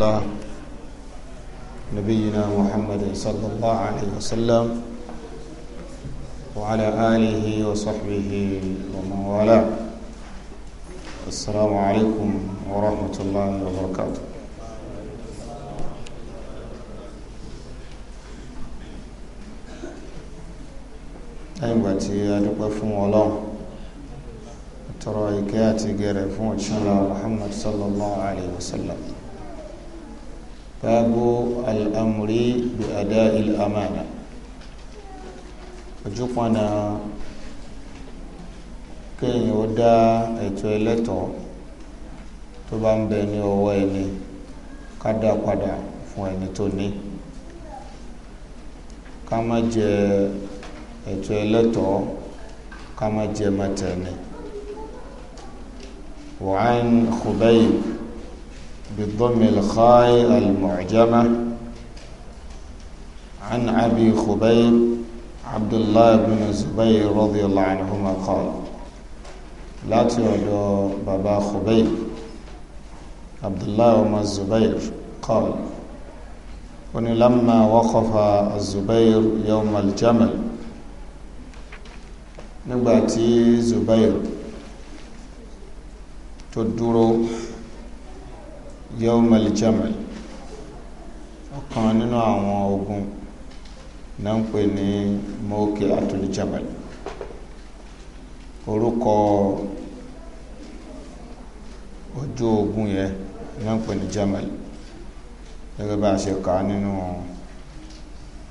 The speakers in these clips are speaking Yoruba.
الله نبينا محمد صلى الله عليه وسلم وعلى آله وصحبه ومن والاه السلام عليكم ورحمة الله وبركاته أيوة تي أدوك فم الله ترى إكياتي غير فم محمد صلى الله عليه وسلم باب الأمر بأداء الأمانة ojúpọnà kéèyàn ó dá ẹ̀tọ́ ẹlẹ́tọ̀ọ́ tó bá ń bẹ ní ọwọ́ ẹni ká dá padà fún ẹni tó ní ká má jẹ ẹ̀tọ́ ẹlẹ́tọ̀ọ́ ká má jẹ mọ́tẹ́ni. وعن خبيب بالضم الخاء المعجمة عن أبي خبيب عبد الله بن الزبير رضي الله عنهما قال لا تعدوا بابا خبيب عبد الله بن الزبير قال لما وقف الزبير يوم الجمل نباتي زبير تدرو yawmal jamal ọ̀kan nínú àwọn ogun na ń pè ní mọ́ọ́kì àtúlùjàmàlì orúkọ ojú ogun yẹn na ń pè ní jamal gẹ́gẹ́ bá a ṣe kà nínú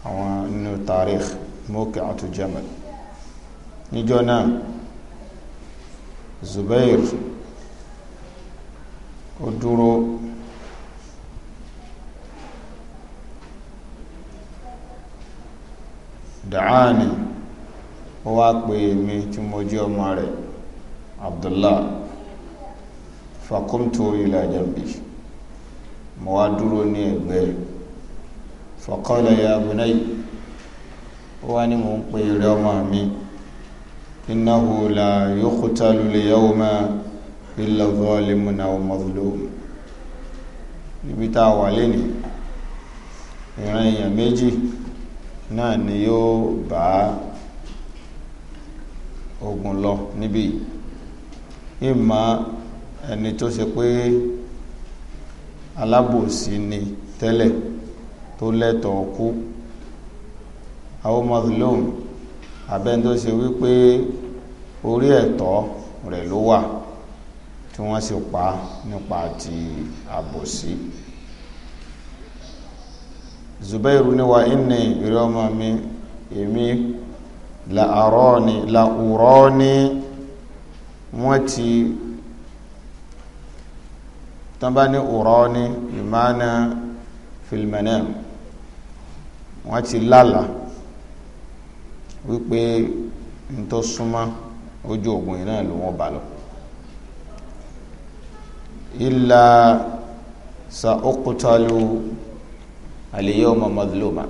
àwọn nínú tarikh mọ́ọ́kì àtúlùjàmàlì níjọ́ náà Zubair ó dúró dàáni ó wá pè mí tí mo jẹ́ ọmọ rẹ̀ abdullah fakumtu ila jambi mo wá dúró ní ẹ̀gbẹ́ faqala ya bunay ó wá ní mo ń pè rẹ ọmọ mi innahu la yuqtalu al-yawma illa zalimun aw mazlum níbi tá a wà lénìí ìran èèyàn méjì náà ni yóò bá ogun lọ níbí ìmọ̀ ẹni tó ṣe pé alábòsí ni tẹ́lẹ̀ tó lẹ́tọ̀ọ́ kú àwọn mazlum abẹ́ni tó ṣe wípé orí ẹ̀tọ́ rẹ̀ ló wà tí wọ́n sì pa nípa ti àbòsí. Si zubairu ni wa inni ìrẹ́ ọmọ mi èmi làárọ̀ ni làúrọ̀ ni wọ́n ti tán bá ní ọ̀rọ̀ ni ìmáná fìlmẹ̀nẹ́ wọ́n ti lálà wípé n tó súnmọ́ ojú ogun yìí náà ló wọ́n bá lọ illa sa uqtalu ali yawma madhluma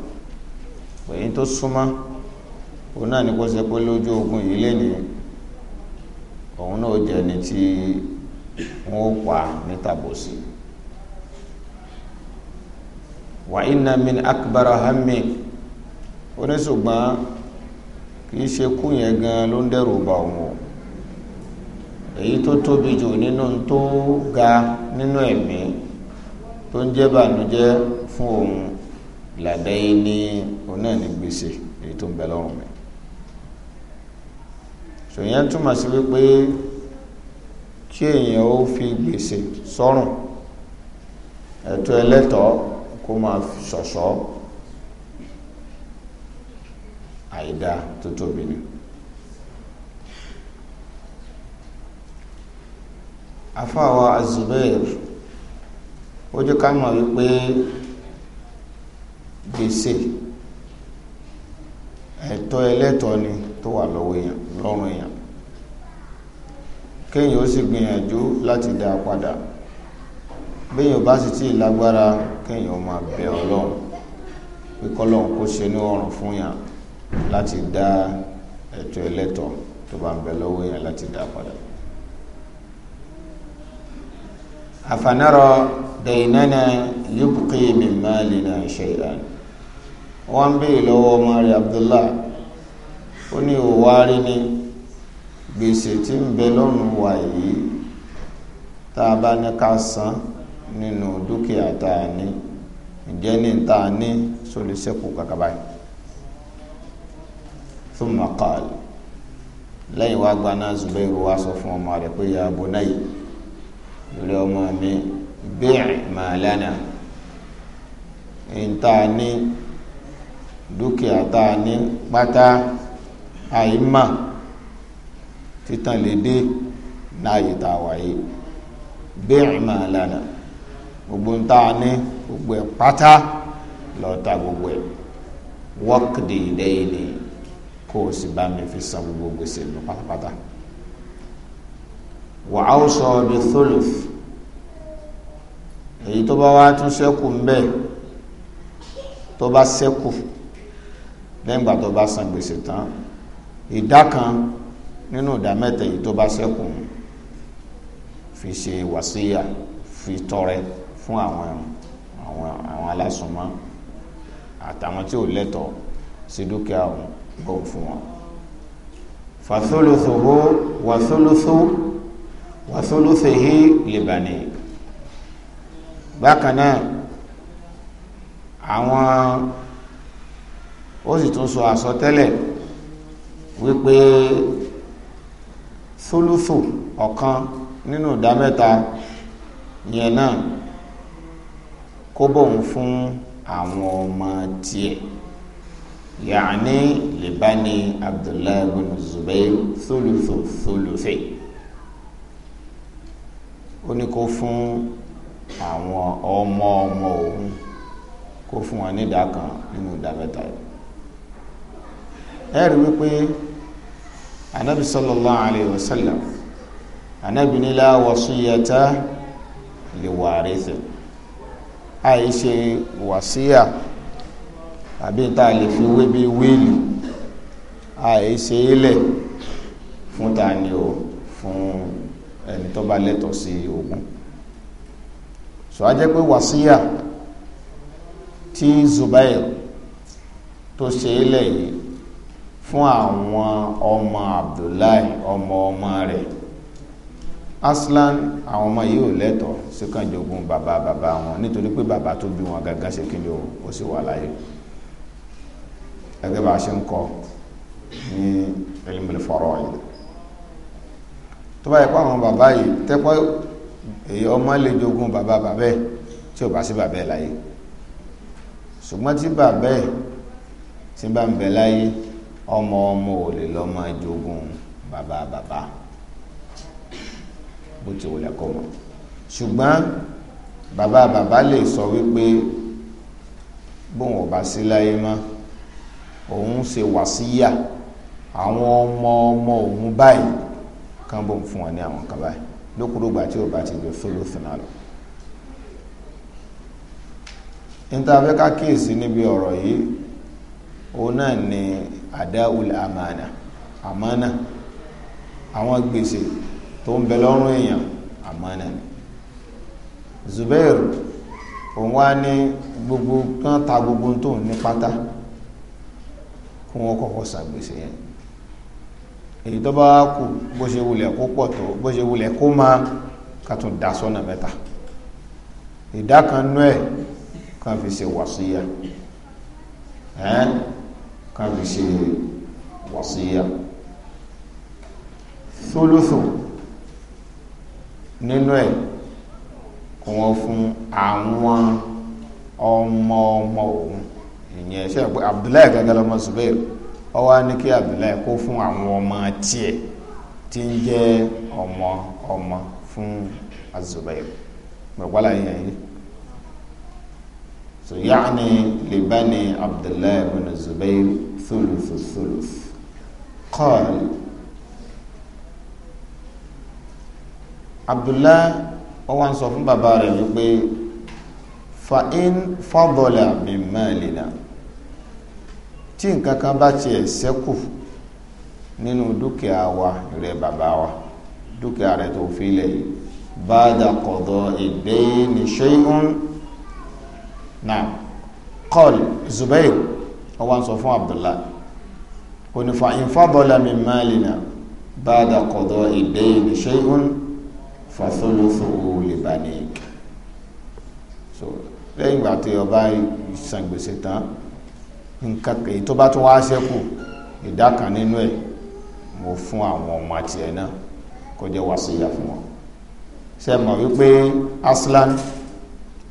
èyí tó súnmọ́ òun náà ni kó ṣe pé lójú ogun yìí lénìí òun náà jẹ́ ni tí wọ́n ó pa akbar oníṣùgbọ́n kì í o èyí tó tóbi jù nínú tó ga làdẹ́yìn ní òun náà ní gbèsè èyí tó ń bẹ lọ́rùn mi sòyìn túmọ̀ sí wípé kí èèyàn ó fi gbèsè sọ́rùn ẹ̀tọ́ ẹlẹ́tọ̀ọ́ kó máa fi ṣọ̀ṣọ́ àìdá tó tóbi ni. afáwa azubair ó ká mọ̀ wípé gbèsè ẹ̀tọ́ ẹlẹ́tọ́ ni tó wà lọ́wọ́ èèyàn lọ́rùn èèyàn kéèyàn ó sì gbìyànjú láti dá a padà béèyàn bá sì tí ì lágbára kéèyàn ó máa bẹ̀ ọlọ́run pé kọ́lọ́run kó ṣe ní ọrùn fún yàn láti dá ẹ̀tọ́ ẹlẹ́tọ́ tó bá ń bẹ lọ́wọ́ èèyàn láti dá a padà. afanarọ dẹ̀yìnánà yóò kí mi máa lè ṣe ìlànà. wọ́n ń béèrè lọ́wọ́ ọmọ rẹ̀ Abdullah ó ní òwárí ní gbèsè tí ń bẹ lọ́rùn wà yìí tá a bá ní ká san nínú dúkìá tá a ní ǹjẹ́ ní tá a ní solisẹ́kù kàkà báyìí thumma qala lẹ́yìn wá gba náà Zubairu wá sọ fún ọmọ rẹ̀ pé ọmọ mi ní. dúkìá tá a ní pátá àìmà títàn lédè láàyè tá a wáyé bẹ́ẹ̀ mà lánà gbogbo ń tá a ní gbogbo ẹ̀ pátá lọ́ta gbogbo ẹ̀ wọ́kìdì lẹ́yìn ni kó o sì bá mi fi san gbogbo gbèsè lọ pátápátá wà á sọ bi thuluth èyí tó bá wá tún ṣẹ́kù ń bẹ́ẹ̀ tó bá ṣẹ́kù lẹ́yìn ìgbà tó bá san gbèsè tán ìdá kan nínú ìdá mẹ́ta yìí tó bá ṣẹ́kùn fi ṣe wàsíyà fi tọrẹ fún àwọn àwọn àwọn alásùnmọ́ àtàwọn tí ò lẹ́tọ̀ọ́ sí dúkìá òun bọ̀ fún wọn. fàtólóṣòwò wàtólóṣò wàtólóṣèhí lèbàní bákan náà àwọn ó sì tún sọ àsọtẹ́lẹ̀ wípé sólúfò ọ̀kan nínú ìdá mẹ́ta yẹn náà kó bóun fún àwọn ọmọ tiẹ̀ yaani libani abdullahi bin zubair sólúfò sólúfè ó ní kó fún àwọn ọmọ ọmọ òun kó fún wọn nídàá kan nínú ìdá mẹ́ta yìí ẹ̀rí wípé anabi sallallahu alayhi wa sallam anabi ní la wasiyata li warith àìṣe wàsíyà àbí ta lè fi wé bí wíìlì àìṣe ilẹ̀ fún ta ni o fún ẹni tó bá lẹ́tọ̀ọ́ sí ogún so a jẹ́ pé wàsíyà tí Zubair tó ṣe ilẹ̀ yìí fún àwọn ọmọ Abdullahi ọmọ ọmọ rẹ̀ aslan àwọn ọmọ yìí ò lẹ́tọ̀ọ́ sí kan jogún bàbá bàbá wọn nítorí pé bàbá tó bí wọn gangan ṣe kí ni ó sì wà láyé ẹgbẹ́ bá a ṣe ń kọ ní ilmul fara'id tó bá yẹ pé àwọn bàbá yìí tẹ́pọ́ èyí ọmọ lè jogún bàbá bàbẹ́ tí ò bá sí bàbẹ́ láyé ṣùgbọ́n tí bàbẹ́ tí bá ń bẹ láyé ọmọ ọmọ ò lè lọ máa jogun bàbá bàbá bó ti wọlé kọ mọ ṣùgbọ́n bàbá bàbá lè sọ wípé bóun ọba sí láyé mọ́ òun ṣe wàsíyà àwọn ọmọ ọmọ òun báyìí kán bóun fún wọn ní àwọn kan báyìí lókùrúgbà tí ò ti lè fọlọ́fin lọ níta fẹ́ ká kíyèsí níbi ọ̀rọ̀ yìí òun náà ni adául àmàna àmàna àwọn gbèsè tó ń bẹ lọ́rùn èèyàn àmàna ni Zubair òun wá ní gbogbo kan ta gbogbo tó ní pátá kí wọ́n kọ́kọ́ sàgbèsè yẹn èyí tó bá kù bó ṣe wulẹ̀ kó pọ̀ tó bó ṣe wulẹ̀ kó máa ká tún da sọ́nà mẹ́ta ìdá kan nú ẹ̀ kan fi ṣe wàsíyà ẹ́n kábi ṣe wàsíyà thuluthu nínú ẹ̀ kò wọ́n fún àwọn ọmọ ọmọ òun ìyẹn ṣe pé Abdullahi gẹ́gẹ́ lọ́mọ Zubair ó wá ní kí Abdullahi kó fún àwọn ọmọ tiẹ̀ tí ń jẹ́ ọmọ ọmọ fún Azubair pẹ̀lú yẹn yìí so yaani libani abdullahi bin zubair thuluthu thuluth qal abdullahi ó wá ń sọ fún bàbá rẹ̀ wípé fa in fadola min malina tí nǹkan kan bá tiẹ̀ ṣẹ́kù nínú dúkìá wa rẹ̀ bàbá wa dúkìá rẹ̀ tó fi lẹ̀ bá ìdẹ́yìn ní ṣẹ́yìn náà kọ́ọ̀lù zubair ọwọ́n sọ fún abdullahi onífà ìfàbọ́lá mi máa lè nà bá dàkọ̀dọ̀ ìdè ìníṣẹ́ ìhún bá ní ìkẹ́ so lẹ́yìn ìgbà tí ọba san gbèsè tán nǹkan èyí tó bá tún wá ṣẹ́kù ìdá kan nínú ẹ̀ mo fún àwọn ọmọ tiẹ̀ náà kó jẹ́ wàásù ìyá fún wọn ṣe mọ̀ wípé aslan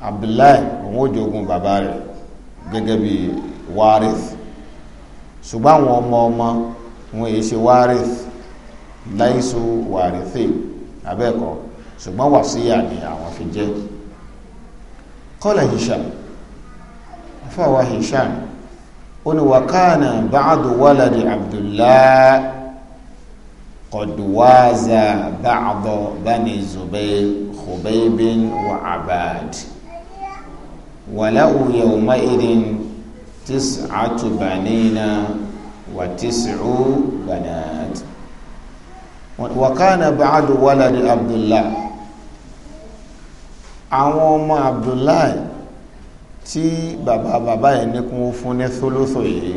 abdullahi òun ó jogun bàbá rẹ̀ gẹ́gẹ́ bí warith ṣùgbọ́n àwọn ọmọ ọmọ wọn èyí ṣe warith láìsù warithi abẹ́ẹ̀kọ́ ṣùgbọ́n wàsíyà ni àwọn fi jẹ́ qala Hisham afáwa Hisham ó ní wàkánà ba'du waladi abdullahi قد وازى بعض بني زبير خبيب وعباد ولو يومئذ تسعة بنين banina بنات، وكان بعد ولد عبد الله waladi abdullah àwọn ọmọ abdullah tí bàbá bàbá yẹn ní kún fún ní thuluthu yìí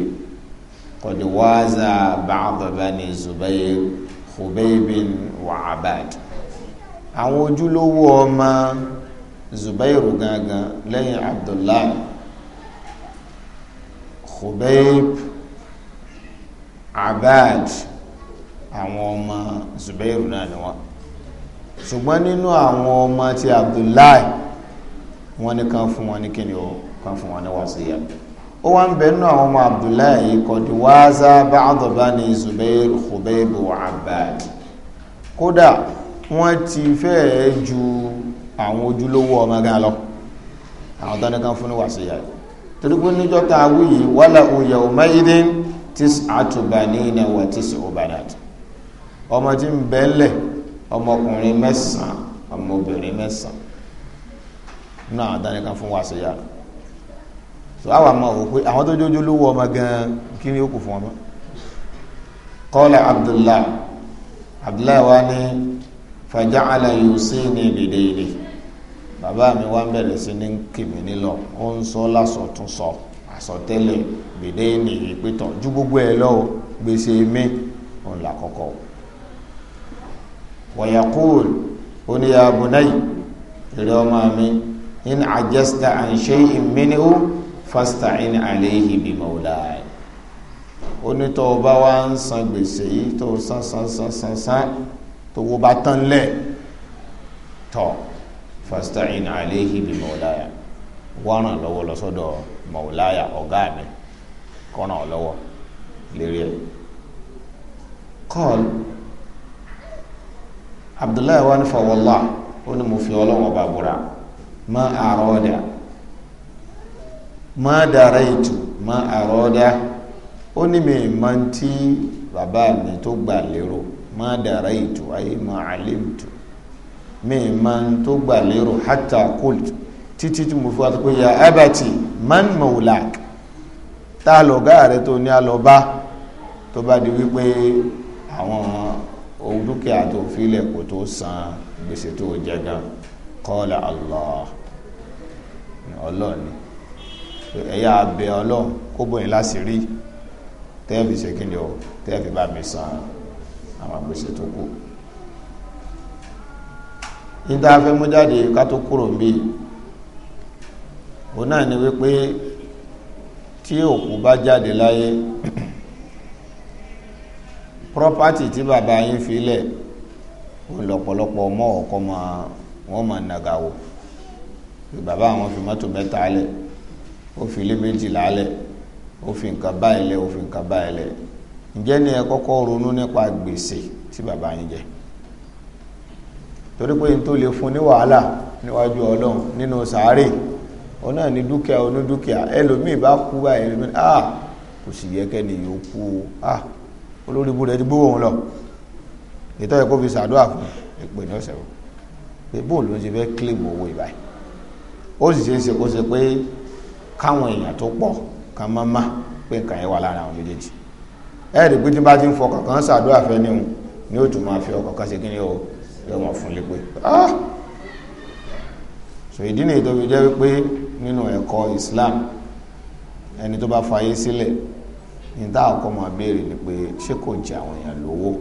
qad waza ba'd bani zubayr khubaybin wa abad àwọn ojúlówó ọmọ zubairu gangan lẹ́yìn abdullahi khubayb abad àwọn ọmọ zubairu náà ni wọn ṣùgbọ́n nínú àwọn ọmọ ti abdullahi wọn ní kan fún wọn ní kíni o kan fún wọn ní wàsíyà ó wá ń bẹ nínú àwọn ọmọ abdullahi yìí kọ́dí wáásá báàdọ̀bá ní zubair khubayb abad kódà wọ́n ti fẹ́ẹ̀ ju àwọn ojúlówó ọmọ gan lọ àwọn tán nìkan fún wàsíyà yìí torí pé níjọ́ tá a wí yìí wàlà òye ọmọ yìí dé wa tis'u banat ọmọ tí ń bẹ lẹ̀ ọmọkùnrin mẹ́sàn-án ọmọbìnrin mẹ́sàn-án àwọn fún so àwọn àmọ́ pé àwọn tó ọmọ gan kí ni ó kù fún ọmọ bàbá mi wá ń bẹ̀rẹ̀ sí ní kìmí nílọ ó ń sọ lásọtúnsọ àsọtẹ́lẹ̀ gbèdé nìyí pétọ̀ ju gbogbo ẹ̀ lọ gbèsè mi òun là kọ́kọ́ wàyàkúùl ó ní ya bunayi eré ọmọ mi in ajasta an shay'in minhu fasta'in alayhi bi mawlaya ó ní tó o bá wá ń san gbèsè yìí tó o tó o bá tán lẹ̀ tọ̀ fasta'in alayhi bi mawlaya wọ́n ràn lọ́wọ́ lọ́sọ́dọ̀ mawlaya ọ̀gá mi kọ́nà lọ́wọ́ lérí ẹ̀ kọ́ọ̀lù abdullahi wa ni fa wallah ó ní mo fi ọlọ́wọ́n bá búra ma àrọ́dà ma dàrá ètò ma àrọ́dà ó ní mi máa bàbá mi tó gbà lérò ma dàrá ètò ayé ma àlè ètò mi máa ń tó gbà lérò hatta kult títí tí mo fi wá tó pé ya abati man maulak tá a lọ̀gá rẹ tó ní alọ́ba tó bá di wípé àwọn ohun dúkìá tó filẹ̀ kò tó san gbèsè tó jẹ gan qala Allah ọlọ́ọ̀ni ẹ̀yà abẹ ọlọ́run kó bóyin láti rí tẹ́ẹ̀fì ṣe kí ni o tẹ́ẹ̀fì bá mi san àwọn gbèsè tó kù. ndị fẹ́ mú jáde ká tó kúrò òun náà ni wípé tí òkú bá jáde láyé property tí bàbá yín fi lọ́pọ̀lọpọ̀ ọmọ ọ̀kọ́ máa wọ́n ma nàgàwò bàbá àwọn fi mọ́tò mẹ́ta ó fi ilé méjìlá lẹ̀ ó fi nǹkan báyìí lẹ̀ ó fi nǹkan báyìí lẹ̀ ǹjẹ́ ni ẹ kọ́kọ́ ronú gbèsè tí bàbá yín torí pé n tó lè fún ní wàhálà níwájú ọlọ́run nínú sàárè ọ ní dúkìá dúkìá ẹlòmíì bá kú ah kò sì yẹ ni yóò kú ah olórí ibú ti gbówó lọ ìtọ́ yẹ fi sàdúrà fún ìpè ní ọ̀sẹ̀ pé bóòlù ló ń ṣe fẹ́ kílèmù owó ó sì ṣe é ṣe kó ṣe pé káwọn èèyàn tó pọ̀ yóò mọ̀ fún lépè ah so ìdí nìyí tó fi jẹ́ wípé nínú ẹ̀kọ́ Islam ẹni tó bá fayé sílẹ̀ ní tá àkọ́ máa béèrè ni pé ṣé kò jẹ àwọn èèyàn lówó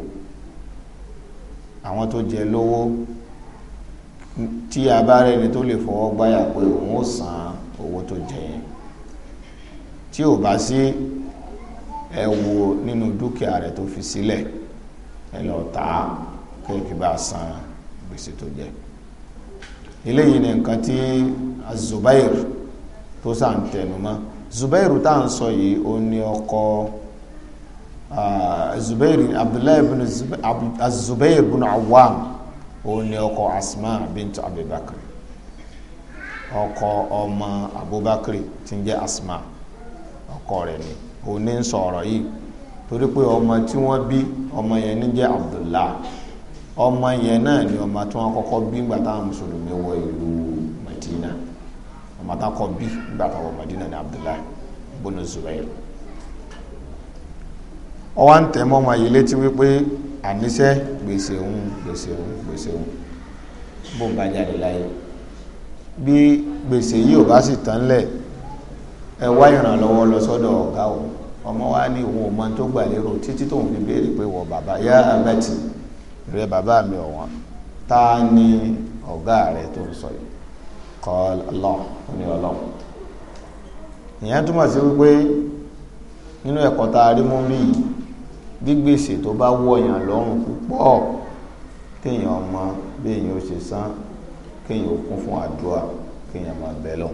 àwọn tó jẹ lówó tí a bá rẹni tó lè fọwọ́ gbáyà pé òun ó san owó tó jẹ yẹn tí ò bá sí ẹ̀wò nínú dúkìá rẹ̀ tó fi sílẹ̀ ẹ lọ tà kó o kì bá san gbèsè tó jẹ eléyìí ni nǹkan tí Zubair tó sà ń tẹnu mọ́ Zubair tá à ń sọ yìí ó ní ọkọ Zubair Abdullahi bin Zubair bin Awam ó ní ọkọ Asma bint Abubakar ọkọ ọmọ Abubakar tí ń jẹ Asma ọkọ rẹ̀ ni òun ní sọ̀rọ̀ yìí torí pé ọmọ tí wọ́n bí ọmọ yẹn ní jẹ́ Abdullah ọmọ yẹn náà ni ọmọ tí wọ́n kọ́kọ́ bí nígbà táwọn mùsùlùmí wọ ìlú Madina ọmọ tá kọ́ bí nígbà táwọn Madina ní Abdullahi bonu Zubair ọwọ́ ń tẹ̀ mọ́ ọmọ yìí létí wípé àníṣẹ́ gbèsè òun gbèsè òun gbèsè òun bó ń bá jáde láyé bí gbèsè yìí ò bá sì tán lẹ̀ ẹ wá ìrànlọ́wọ́ lọ sọ́dọ̀ ọ̀gá òun ọmọ wa ní òun ò mọ tó gbà lérò títí tóun fi béèrè pé wọ bàbá yá abẹ́tì rẹ bàbá mi ọ̀wọ́n ta ni ọ̀gá rẹ tó ń sọ yìí qala Allah ní ọlọ́run ìyẹn túmọ̀ sí wípé nínú ẹ̀kọ́ tá a rí mú rí yìí bí gbèsè tó bá wọ èèyàn lọ́rùn púpọ̀ kéèyàn ọmọ bí èèyàn ó ṣe san kéèyàn ó kún fún àdúrà kéèyàn máa bẹ lọ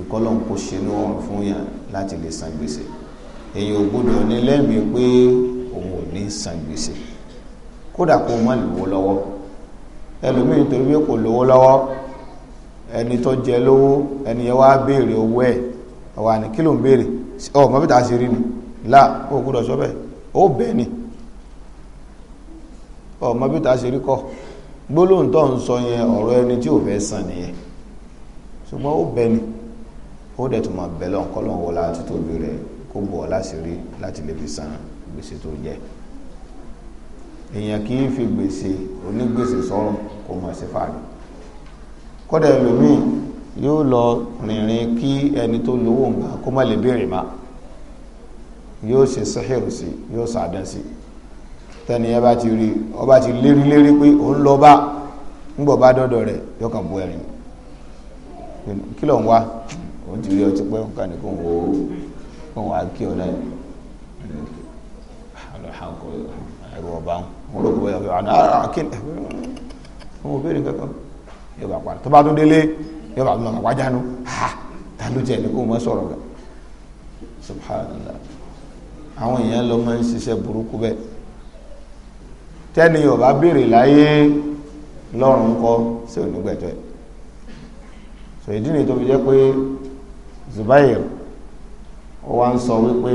ìkọlọ́n kò ṣe ní ọrùn fún yàn láti lè san gbèsè èèyàn ò gbọ́dọ̀ ní lẹ́mìí pé òun ò ní san gbèsè kódà kó má lówó lọ́wọ́ ẹlòmíì nítorí pé kò lówó lọ́wọ́ ẹni tó jẹ lówó ẹni yẹn wá béèrè owó ẹ̀ ọ̀wà ní kí ló ń béèrè ọ̀ mọ́ bí ta ṣe rí ni là ó gbúdọ̀ sọ́bẹ̀ ó bẹ́ẹ̀ ni ọ̀ mọ́ bí ta ṣe rí kọ́ gbólóhùn tó ń sọ yẹn ọ̀rọ̀ ẹni tí ò fẹ́ sàn nìyẹn ṣùgbọ́n ó bẹ́ẹ̀ ni ó dẹ̀ tún máa bẹ̀ lọ́nkọ́ láti tóbi rẹ̀ kó bọ̀ láti rí láti lè fi san gbèsè tó jẹ́ èèyàn kì í fi gbèsè onígbèsè sọ́rùn kò mọ̀ sí fàárí kọ́dẹ̀ ẹlòmíì yóò lọ rìnrìn kí ẹni tó lówó nǹkan kó má lè bèèrè má yóò ṣe sẹ́hìrì sí yóò sàdán sí tẹ́ni ẹ bá ti rí ọba ti lérí lérí pé lọ bá ńgbọ̀ bá dọ́dọ̀ rẹ̀ yóò kàn kí ló ń wá ti rí ọtí pé wọn ló gbọ́ yàgbé àná ara kíni ọmọ òbèrè kankan yóò bá parí tó bá tún délé yóò bá tún subhanallah àwọn èèyàn lọ máa ń ṣiṣẹ́ burúkú bẹ́ẹ̀ tẹ́ni yóò bá béèrè láyé lọ́rùn kọ́ sí onígbẹ̀tọ́ ẹ̀ so ìdí ni tó fi jẹ́ pé Zubair ó wá ń sọ wípé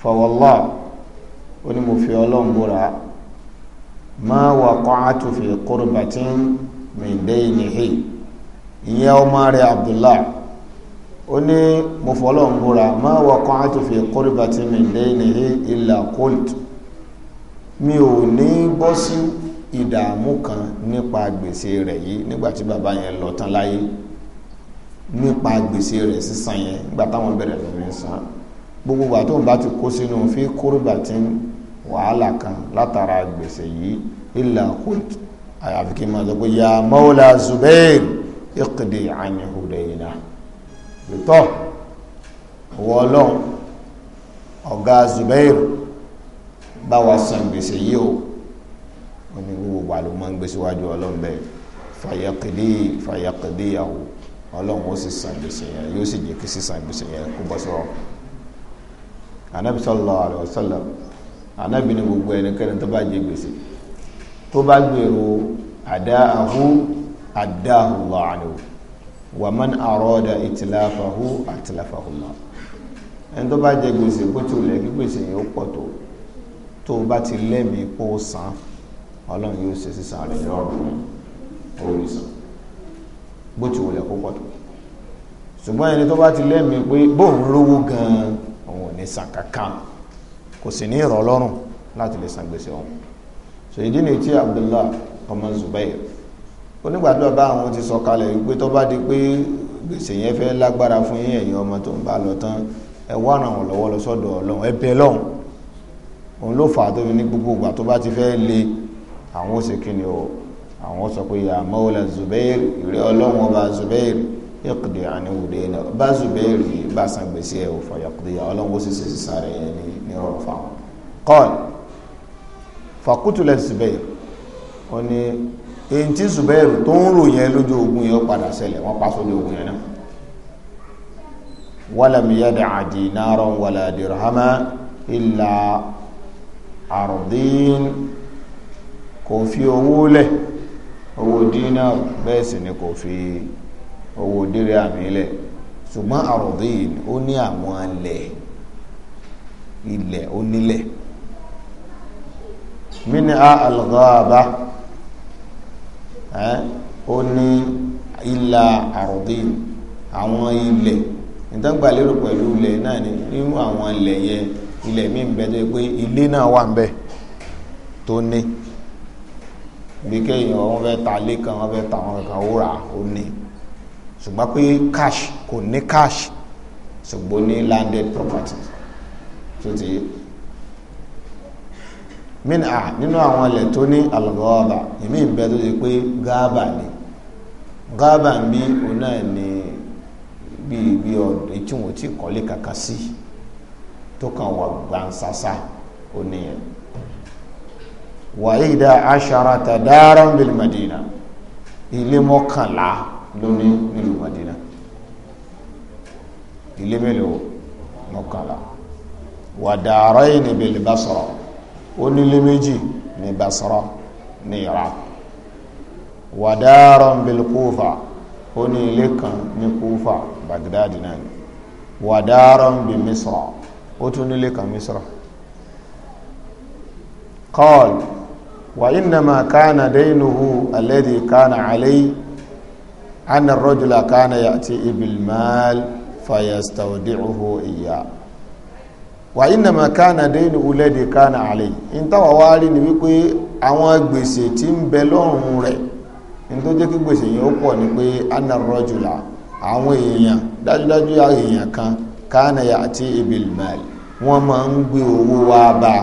fọwọ́lọ́ọ̀ ó ní mo fi ọlọ́run búra máa wà kọ́ńtù fi qurbatin min daynihi ìyẹn ọmọ rẹ̀ abdullah ó ní mo fọlọ́run búra máa wà kọ́ńtù fi qurbatin min daynihi illa qultu mi ò ní bọ́ sí ìdààmú kan nípa gbèsè rẹ̀ yìí nígbàtí bàbá yẹn lọ tán láyé nípa gbèsè rẹ̀ sísan yẹn nígbà táwọn bẹ̀rẹ̀ lọ́rẹ́ san gbogbo àtọ́nbá ti kó sínú fi kúrúbà tí ń wàhálà kan látara gbèsè yìí illa qult àyàfi kí n máa sọ pé ya mawla zubair iqdi anhu dayna lótọ́ ìwọ ọlọ́run ọ̀gá zubair bá wa san gbèsè yìí o ó ní gbogbo wa ló máa ń gbé síwájú ọlọ́run bẹ́ẹ̀ fàyàkìdí fàyàkìdí yàwó ọlọ́run ó sì san gbèsè yẹn yóò sì jẹ́ kí sísan gbèsè yẹn kó bọ́ sọ́rọ̀ anabi sallallahu alayhi wa sallam anábì ní gbogbo ẹnikẹ́ni tó bá jẹ gbèsè tó bá gbèrò àdáhù àdáhù lọ́àlù wà man àrọ́dà ìtìláfàhù àtìláfàhù lọ ẹni tó bá jẹ gbèsè kó tó lẹ̀ kí gbèsè yóò pọ̀ tó tó bá ti lẹ́mìí kó san ọlọ́run yóò ṣe sísan rẹ̀ lọ́rùn orí san bó ti wùlẹ̀ kó pọ̀ tó ṣùgbọ́n ẹni tó bá ti lẹ́mìí pé bóun lówó gan-an òun ò ní san kankan kò sì ní ìrọ̀ lọ́rùn láti lè san gbèsè ọ̀hún so ìdí ni tí Abdullah ọmọ Zubair onígbàdúrà bá àwọn ti sọ kalẹ̀ wípé tó bá di pé gbèsè yẹn fẹ́ lágbára fún yín ẹ̀yin ọmọ tó ń bá lọ tán ẹ wá ràn wọ́n lọ́wọ́ lọ sọ́dọ̀ Ọlọ́run ẹ bẹ̀ lọ́hùn òun ló fà á tó ní gbogbo ìgbà tó bá ti fẹ́ le àwọn ó sì kí ni o àwọn sọ pé ya Mawla Zubair ìrẹ́ Ọlọ́run ọba Zubair yọkùdì àníwòde náà bá zubairu yìí bá san gbèsè ẹ̀ òfò yọkùdì ọlọ́wọ́ sì sì sáré yẹn ní nírọ̀rùn fáwọn. kọ́ọ̀l fàkútùlẹ̀ zubairu ó ní èyí tí zubairu tó ń rò yẹn lójú ogun yẹn padà ṣẹlẹ̀ wọ́n pa sójú ogun yẹn náà. wàlàm yàdà àdínárọ̀ wàlà dìrọ̀hámà ìlà àrùdín kò fi owó lẹ̀ owó dínà bẹ́ẹ̀ sì ni kò fi. owó dérè àmì ilẹ̀ ṣùgbọ́n àròdìn ó ní àwọn ilẹ̀ ilẹ̀ onílẹ̀ mini a alghaba ẹ́ ó ní ilà àròdìn àwọn ilẹ̀ ìtàgbà lérò pẹ̀lú ilẹ̀ náà ni nínú àwọn ilẹ̀ yẹ ilẹ̀ míì ń bẹ tó pé ilé náà wà ń bẹ tó ní bí kéèyàn wọn fẹ́ ṣùgbọ́n pé cash kò ní cash ṣùgbọ́n ní landed property tó ti yé mina nínú àwọn ilẹ̀ tó ní algaba èmi ń bẹ tó ṣe pé gaaba ni gaaba ń bí òun náà ni bíi bíi ọdún tí wọn ti kọ́lé kankan sí tó kàn wà gbansasa oníyẹn wàhídà aṣara tàdára bil madina ilé mọ́kànlá lóní nílùú Madina ilé mélòó mọ́kànlá wàdàrọ́ yìí níbi lè bá sọ̀rọ̀ ó nílé méjì ní Basra ní Iraq wàdàrọ́ níbi Kúfà ó ní ilé kan ní Kúfà Baghdad náà ni wàdàrọ́ níbi Misra ó tún nílé kan Misra kọ́ọ̀lù wà ìnàmà kánà dẹ́yìnlùhù alẹ́dì kánà àlẹ́yìí anna rajula kana ya'ti bil mal fayastawdi'uhu iya wà innama kana daynu ulẹ́dì kana àlè ìtawà wá rí ni wípé àwọn gbèsè tí ń bẹ lọ́rùn rẹ̀ ní tó jẹ́ kí gbèsè yẹn ó pọ̀ ni pé anna rajula àwọn èèyàn dájúdájú àwọn èèyàn kan kana ya'ti bil mal wọ́n máa ń gbé owó wá bá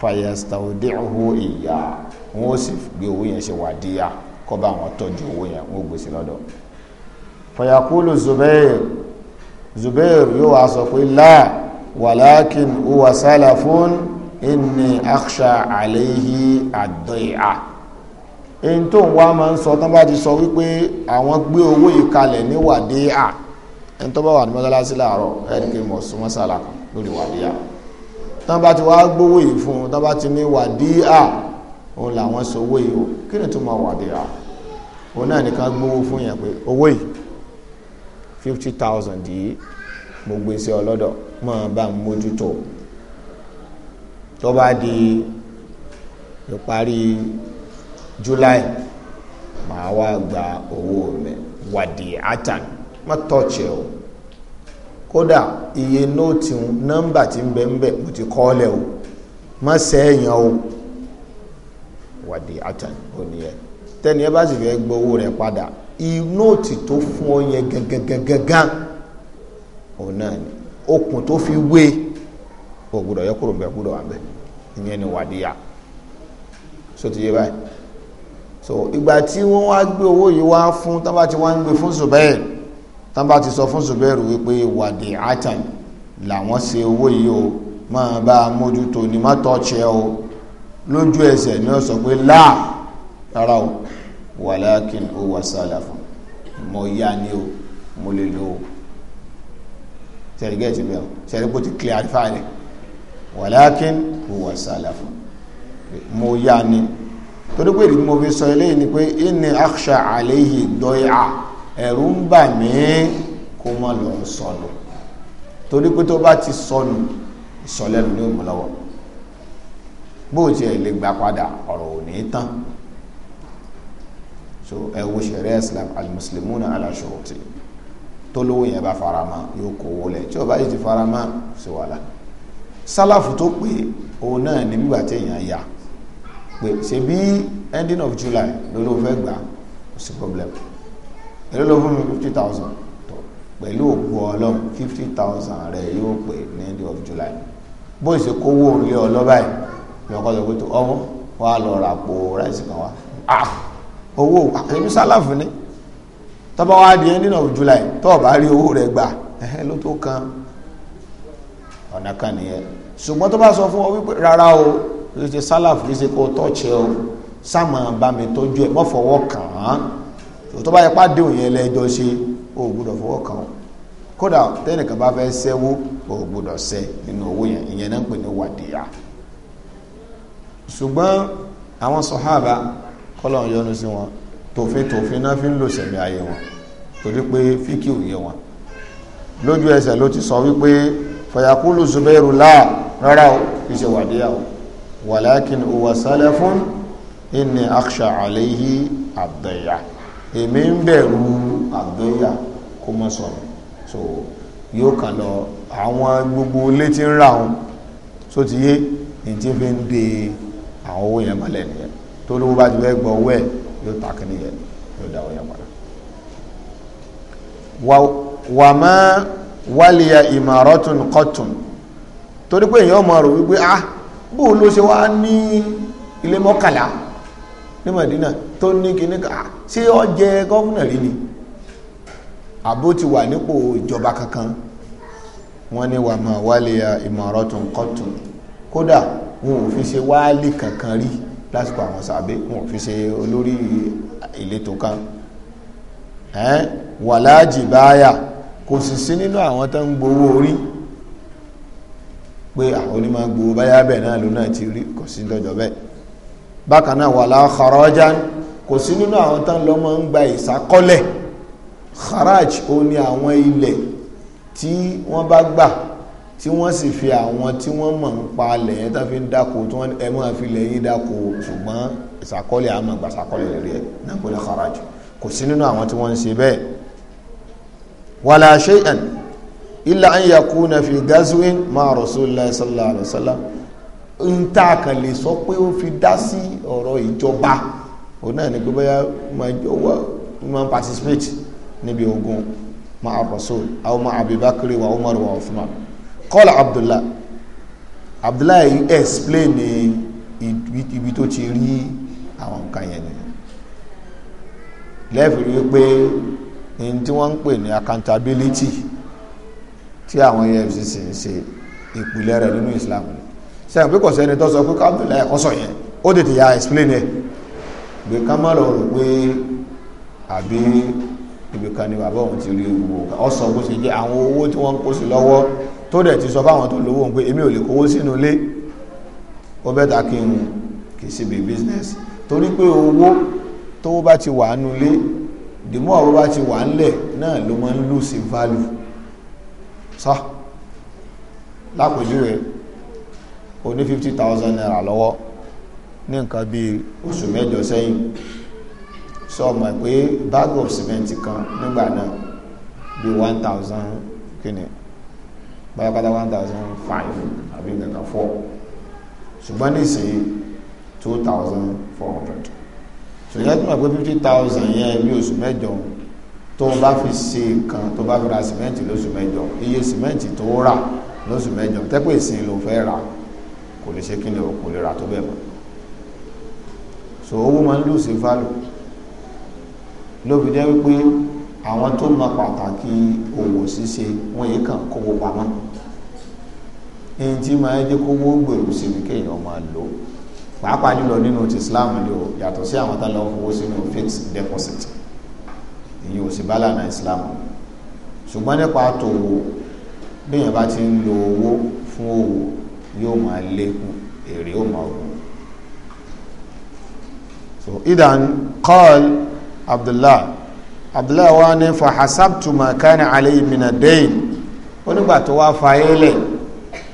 fayastawdi'uhu iya wọ́n sì gbé owó yẹn ṣe wàdíyà kó bá wọn tọ́jú owó yẹn wọ́n gbèsè lọ́dọ̀ fayakulu zubair zubair yóò wá sọ pé láà wàlákin huwa sálàfún inni akhsha alayhi ad-day'a èyí tó ń wá máa ń sọ tán bá ti sọ wípé àwọn gbé owó yìí kalẹ̀ ní wàdíà ẹni tó bá wà ní mọ́sálásí láàárọ̀ ẹ̀ẹ́dìkì mọ̀ súnmọ́ sàlà lórí wàdíà tán bá ti wá gbówó yìí fún un tán bá ti ní wàdíà òun làwọn sọ owó yìí kí ni tó máa wàdíà òun náà nìkan gbówó fún yẹn pé owó yìí fifty thousand yìí mo gbé sí ọlọ́dọ̀ máa bá ń mójútó tó bá July màá wá gba owó mi wàdí atan má tọ̀ọ̀chẹ̀ o kódà iye nóòtì nọ́mbà ti ń bẹ ń bẹ mo ti kọ́ o má sẹ́yìn o wàdí tẹ́ni ẹ bá sì fẹ́ gbowó rẹ̀ padà nóòtì tó fún ọ yẹn gangan òun náà ni okùn tó fi wé o gbọ́dọ̀ yẹ kúrò ń bẹ wà bẹ ìyẹn ni wàdíyà so ti yé báyìí so ìgbà tí wọ́n wá gbé owó yìí wá fún tán bá ti wá ń gbé fún Zubair tán bá ti sọ fún Zubair wípé wàdí atan làwọn ṣe owó yìí o máa bá a mójútó ni má tọ́ ṣe o lójú ẹsẹ̀ ni ó sọ pé láà rárá o wàlákin ó wà sálàfù mo yá ni o mo lè lo o sẹ́rí gẹ́ẹ̀tì bẹ́ẹ̀ o sẹ́rí bó ti clarify rẹ̀ wàlákin ó wà sálàfù mo yá ni torí pé ìdí mo fi sọ eléyìí ni pé inni akhsha alayhi dọ́yà ẹ̀rù ń bà mí kó má lọ sọnù torí pé tó bá ti sọnù ìsọlẹ́nu ní òmùlọ́wọ́ bó tiẹ̀ lè gbà padà ọ̀rọ̀ ò tán so ẹ wo sẹ̀rẹ́ islam alimusulimuna alasọ̀tì tó lówó yẹn bá farama yóò kó owó lẹ̀ tí o bá yìí ti farama sí wàhálà sálàfù tó pé òun náà ní gbígbà téèyàn yá pé ṣe bí ending of july ló ló fẹ́ gbà kò sí problem èló ló fún mi fifty thousand tó pẹ̀lú òkú ọlọ́run fifty thousand rẹ̀ yóò pè ní ending of july bó ṣe kówó òun lé ọ lọ́bàá yìí lọ́kọ́ lọ́kọ́ tó ọmọ wàá lọ rà pò ráìsì kan wá ah owó àyẹ̀mí ah, sálàfù ni tọ́ba wa di ẹni náà July tọ́ ọba rí owó rẹ̀ gbà ẹ̀hẹ́ ló tó kan ọ̀nà kan nìyẹn ṣùgbọ́n tó bá sọ fún ọ wípé rárá o kì í ṣe sálàfù kì í ṣe kó tọ́ọ̀ṣì o sáàmù bá mi tọ́jú ẹ̀ mọ́ fọwọ́ kàn án tó bá yẹ pa déhùn yẹn lẹ́jọ́ ṣe o gbọ́dọ̀ fọwọ́ kàn án kódà tẹ́nìkan bá fẹ́ sẹ́wó o gbọ́dọ̀ sẹ́ nínú owó yẹn ìyẹn náà ń pè ní wàdìyà ṣùgbọ́n àwọn sọ̀hábà kọ́lọ̀ yọ́nú sí wọn tòfin tòfin náà fi ń lò sẹ̀mí ayé wọn torí pé fíkì òye wọn lójú ẹsẹ̀ ló ti sọ wípé fayakulu zubairu láà rárá o kì í ṣe wàdíyà o wàlákin huwa salafun inni akhsha alayhi àbẹ̀yà èmi ń bẹ̀rù àbẹ̀yà kó mọ́ sọ̀rọ̀ so yóò kàn lọ àwọn gbogbo ilé ń rà wọn tó ní tí fi ń de àwọn owó yẹn mọ́lẹ̀ nìyẹn tó lówó bá ti fẹ́ gbọ́ owó ẹ̀ yóò ta kí nìyẹn yóò dá owó yẹn padà. wà má wàlíya ìmọ̀rọ̀tún kọ́tùn torí pé èèyàn máa rò wípé ah bó ló ṣe wá ní ilé mọ́kànlá ní Madina tó ní kíní ká ah, ṣé ó jẹ gọ́fúnà rí ni àbó ti wà nípò ìjọba kankan wọ́n ní wà máa wàlíya ìmọ̀rọ̀tún kọ́tùn kódà wọn ò fi ṣe wáálì kankan rí lásìkò àwọn sàbẹ wọn fi se olórí ìletò kan ẹn wàláàjì báyà kò sì sí nínú àwọn tó ń gbowó orí pé àwọn onímọ̀ gbowó báyà bẹ́ẹ̀ náà ló náà ti rí kò sí dọ́jọ́ bẹ́ẹ̀ bákan náà wàlá kharajan kò sí nínú àwọn tó ń lọ máa ń gba ìsákọ́lẹ̀ kharaj ó ní àwọn ilẹ̀ tí wọ́n bá gbà tí wọ́n sì fi àwọn tí wọ́n mọ̀ ń pa lẹ̀ tán fi ń dáko tí wọ́n ẹ máa fi lẹ̀ yín dáko ṣùgbọ́n ìsàkọ́lẹ̀ àmọ́ gba sàkọ́lẹ̀ lórí ẹ̀ náà kò lè kharaj kò sí nínú àwọn tí wọ́n ń ṣe bẹ́ẹ̀. wala shay'an illa an yakuna fi gazwin ma rasulullahi sallallahu alaihi ń tà kàn lè sọ pé ó fi dá sí ọ̀rọ̀ ìjọba òun náà ní pé bóyá máa participate níbi ogun ma rasul aw ma abubakar wa umar wa Call abdullah abdullah yìí explain ibi tó ti rí àwọn nǹkan yẹn ni lẹ́fì rí pé ní tí wọ́n ń pè ní accountability tí àwọn efcc ń ṣe ìpìlẹ̀ rẹ̀ nínú islam ni sẹ́yìn pé kò sẹ́ni tó sọ pé abdullah ẹ̀kọ́ sọ yẹn ó tètè ya explain ẹ̀ gbé ká má lọ rò pé àbí ibìkan ni bàbá òun ti rí owó ọ̀sán bó ṣe jẹ́ àwọn owó tí wọ́n ń kó sí lọ́wọ́ tó dẹ̀ ti sọ fáwọn tó lówó pé èmi ò lè kówó sínú ilé ó bẹ́ta kí n kì í ṣe business torí pé owó tó bá ti wà nú ilé dìmọ́ owó bá ti wà ńlẹ̀ náà ló máa ń lose value sá lápèjúwe o ní fifty thousand naira lọ́wọ́ ní nǹkan bí oṣù mẹ́jọ sẹ́yìn sọ ọmọ pé bag of cement kan nígbà náà bí one thousand kìnìún báyàkátà one thousand five àbí nǹkan four ṣùgbọ́n nísìnyí two thousand four hundred ṣùgbọ́n tó mọ̀ pé fifty thousand yẹn bí oṣù mẹ́jọ tó o bá fi ṣe kan tó o bá fi ra sìmẹ́ǹtì lóṣù mẹ́jọ iye sìmẹ́ǹtì tó o rà lóṣù mẹ́jọ tẹ́pẹ́ ìsìn ló fẹ́ rà kò lè ṣe kí ni o kò lè rà tó bẹ́ẹ̀ mọ́ so owó máa ń lù sí value ló jẹ́ wípé àwọn tó mọ pàtàkì òwò ṣíṣe wọ́n yìí kàn kówó pamọ́ èyí tí máa ń jẹ́ kó wó gbèrú sí ni kéèyàn máa lò pàápàá jùlọ nínú ti Islam ni o yàtọ̀ sí àwọn tá fowó sínú fixed deposit èyí ò sì bá lànà Islam ṣùgbọ́n nípa tòwò béèyàn bá ti ń lo owó fún òwò yóò máa lékún èrè ó máa gùn so idan qal Abdullah Abdullah wa ni fa hasabtu ma kana alayhi min ad-dayn onígbà tó wá fa lẹ́yìn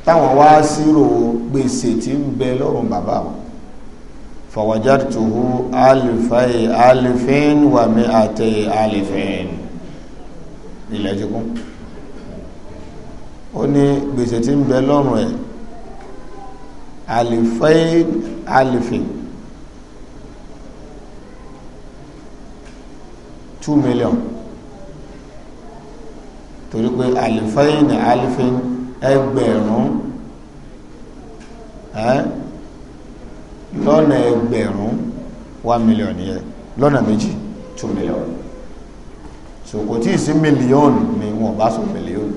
táwọn wá sírò gbèsè tí ń bẹ lọ́rùn bàbá wọn fọwọ́jàtúhù alifáì alifin wàmí àtẹ alifin ilẹ̀ ti kún ó ní gbèsè tí ń bẹ lọ́rùn ẹ̀ alifáì alifin two million torí pé alifáì ní alifin ẹgbẹ̀rún lọ́nà ẹgbẹ̀rún one million yẹ lọ́nà méjì two million so kò tí ì sí mílíọ̀nù ni wọn bá sọ mílíọ̀nù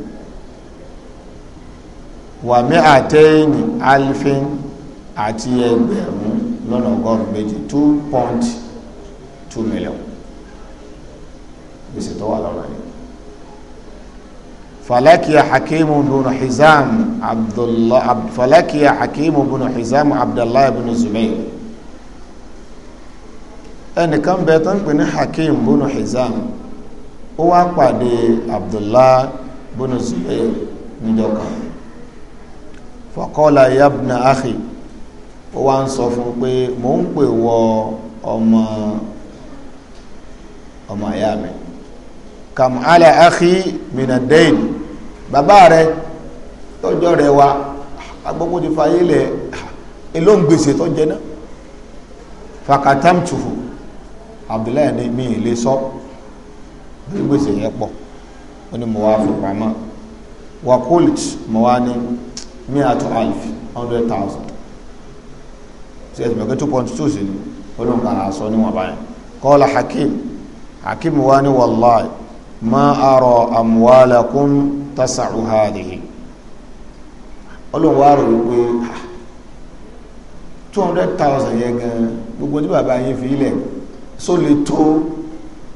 wà mí àtẹ́yìn alifin àti ẹgbẹ̀rún lọ́nà ọgọ́rùn-ún méjì two point two million gbèsè tó wà lọ́nà yìí falakiya hakimu bunu hizam abdullah ab, falakiya hakimu bunu hizam abdullah bunu zubair ẹnìkan bẹ tó ń pè ní hakim bunu hizam ó wá pàdé abdullah bunu zubair níjọka faqala yabna akhi ó wá ń sọ fún pé mò ń pè wọ ọmọ ọmọ àyà mi kam ala akhi minadain bàbá rẹ tọ́jọ́ rẹ wa agbógbó ti fa ayé lẹ̀ èló ń gbèsè tó jẹ náà fakatamtuhu abdullahi ni mi lè sọ bí gbèsè yẹn pọ̀ ó ní mo wá fi pamọ́ wa qult mo wá ní mi àti alf hundred thousand ṣe ẹ̀sìn mẹ́kẹ́ two point two sí ni olóhùn kan àṣọ níwọ̀n báyìí qala hakim hakim wa ní wallahi ma ara amwalakum tásàrù ha nìyí ọlọ́run wá rò wípé two hundred thousand yẹn gan gbogbo tí bàbá yín fi ilẹ̀ só lè tó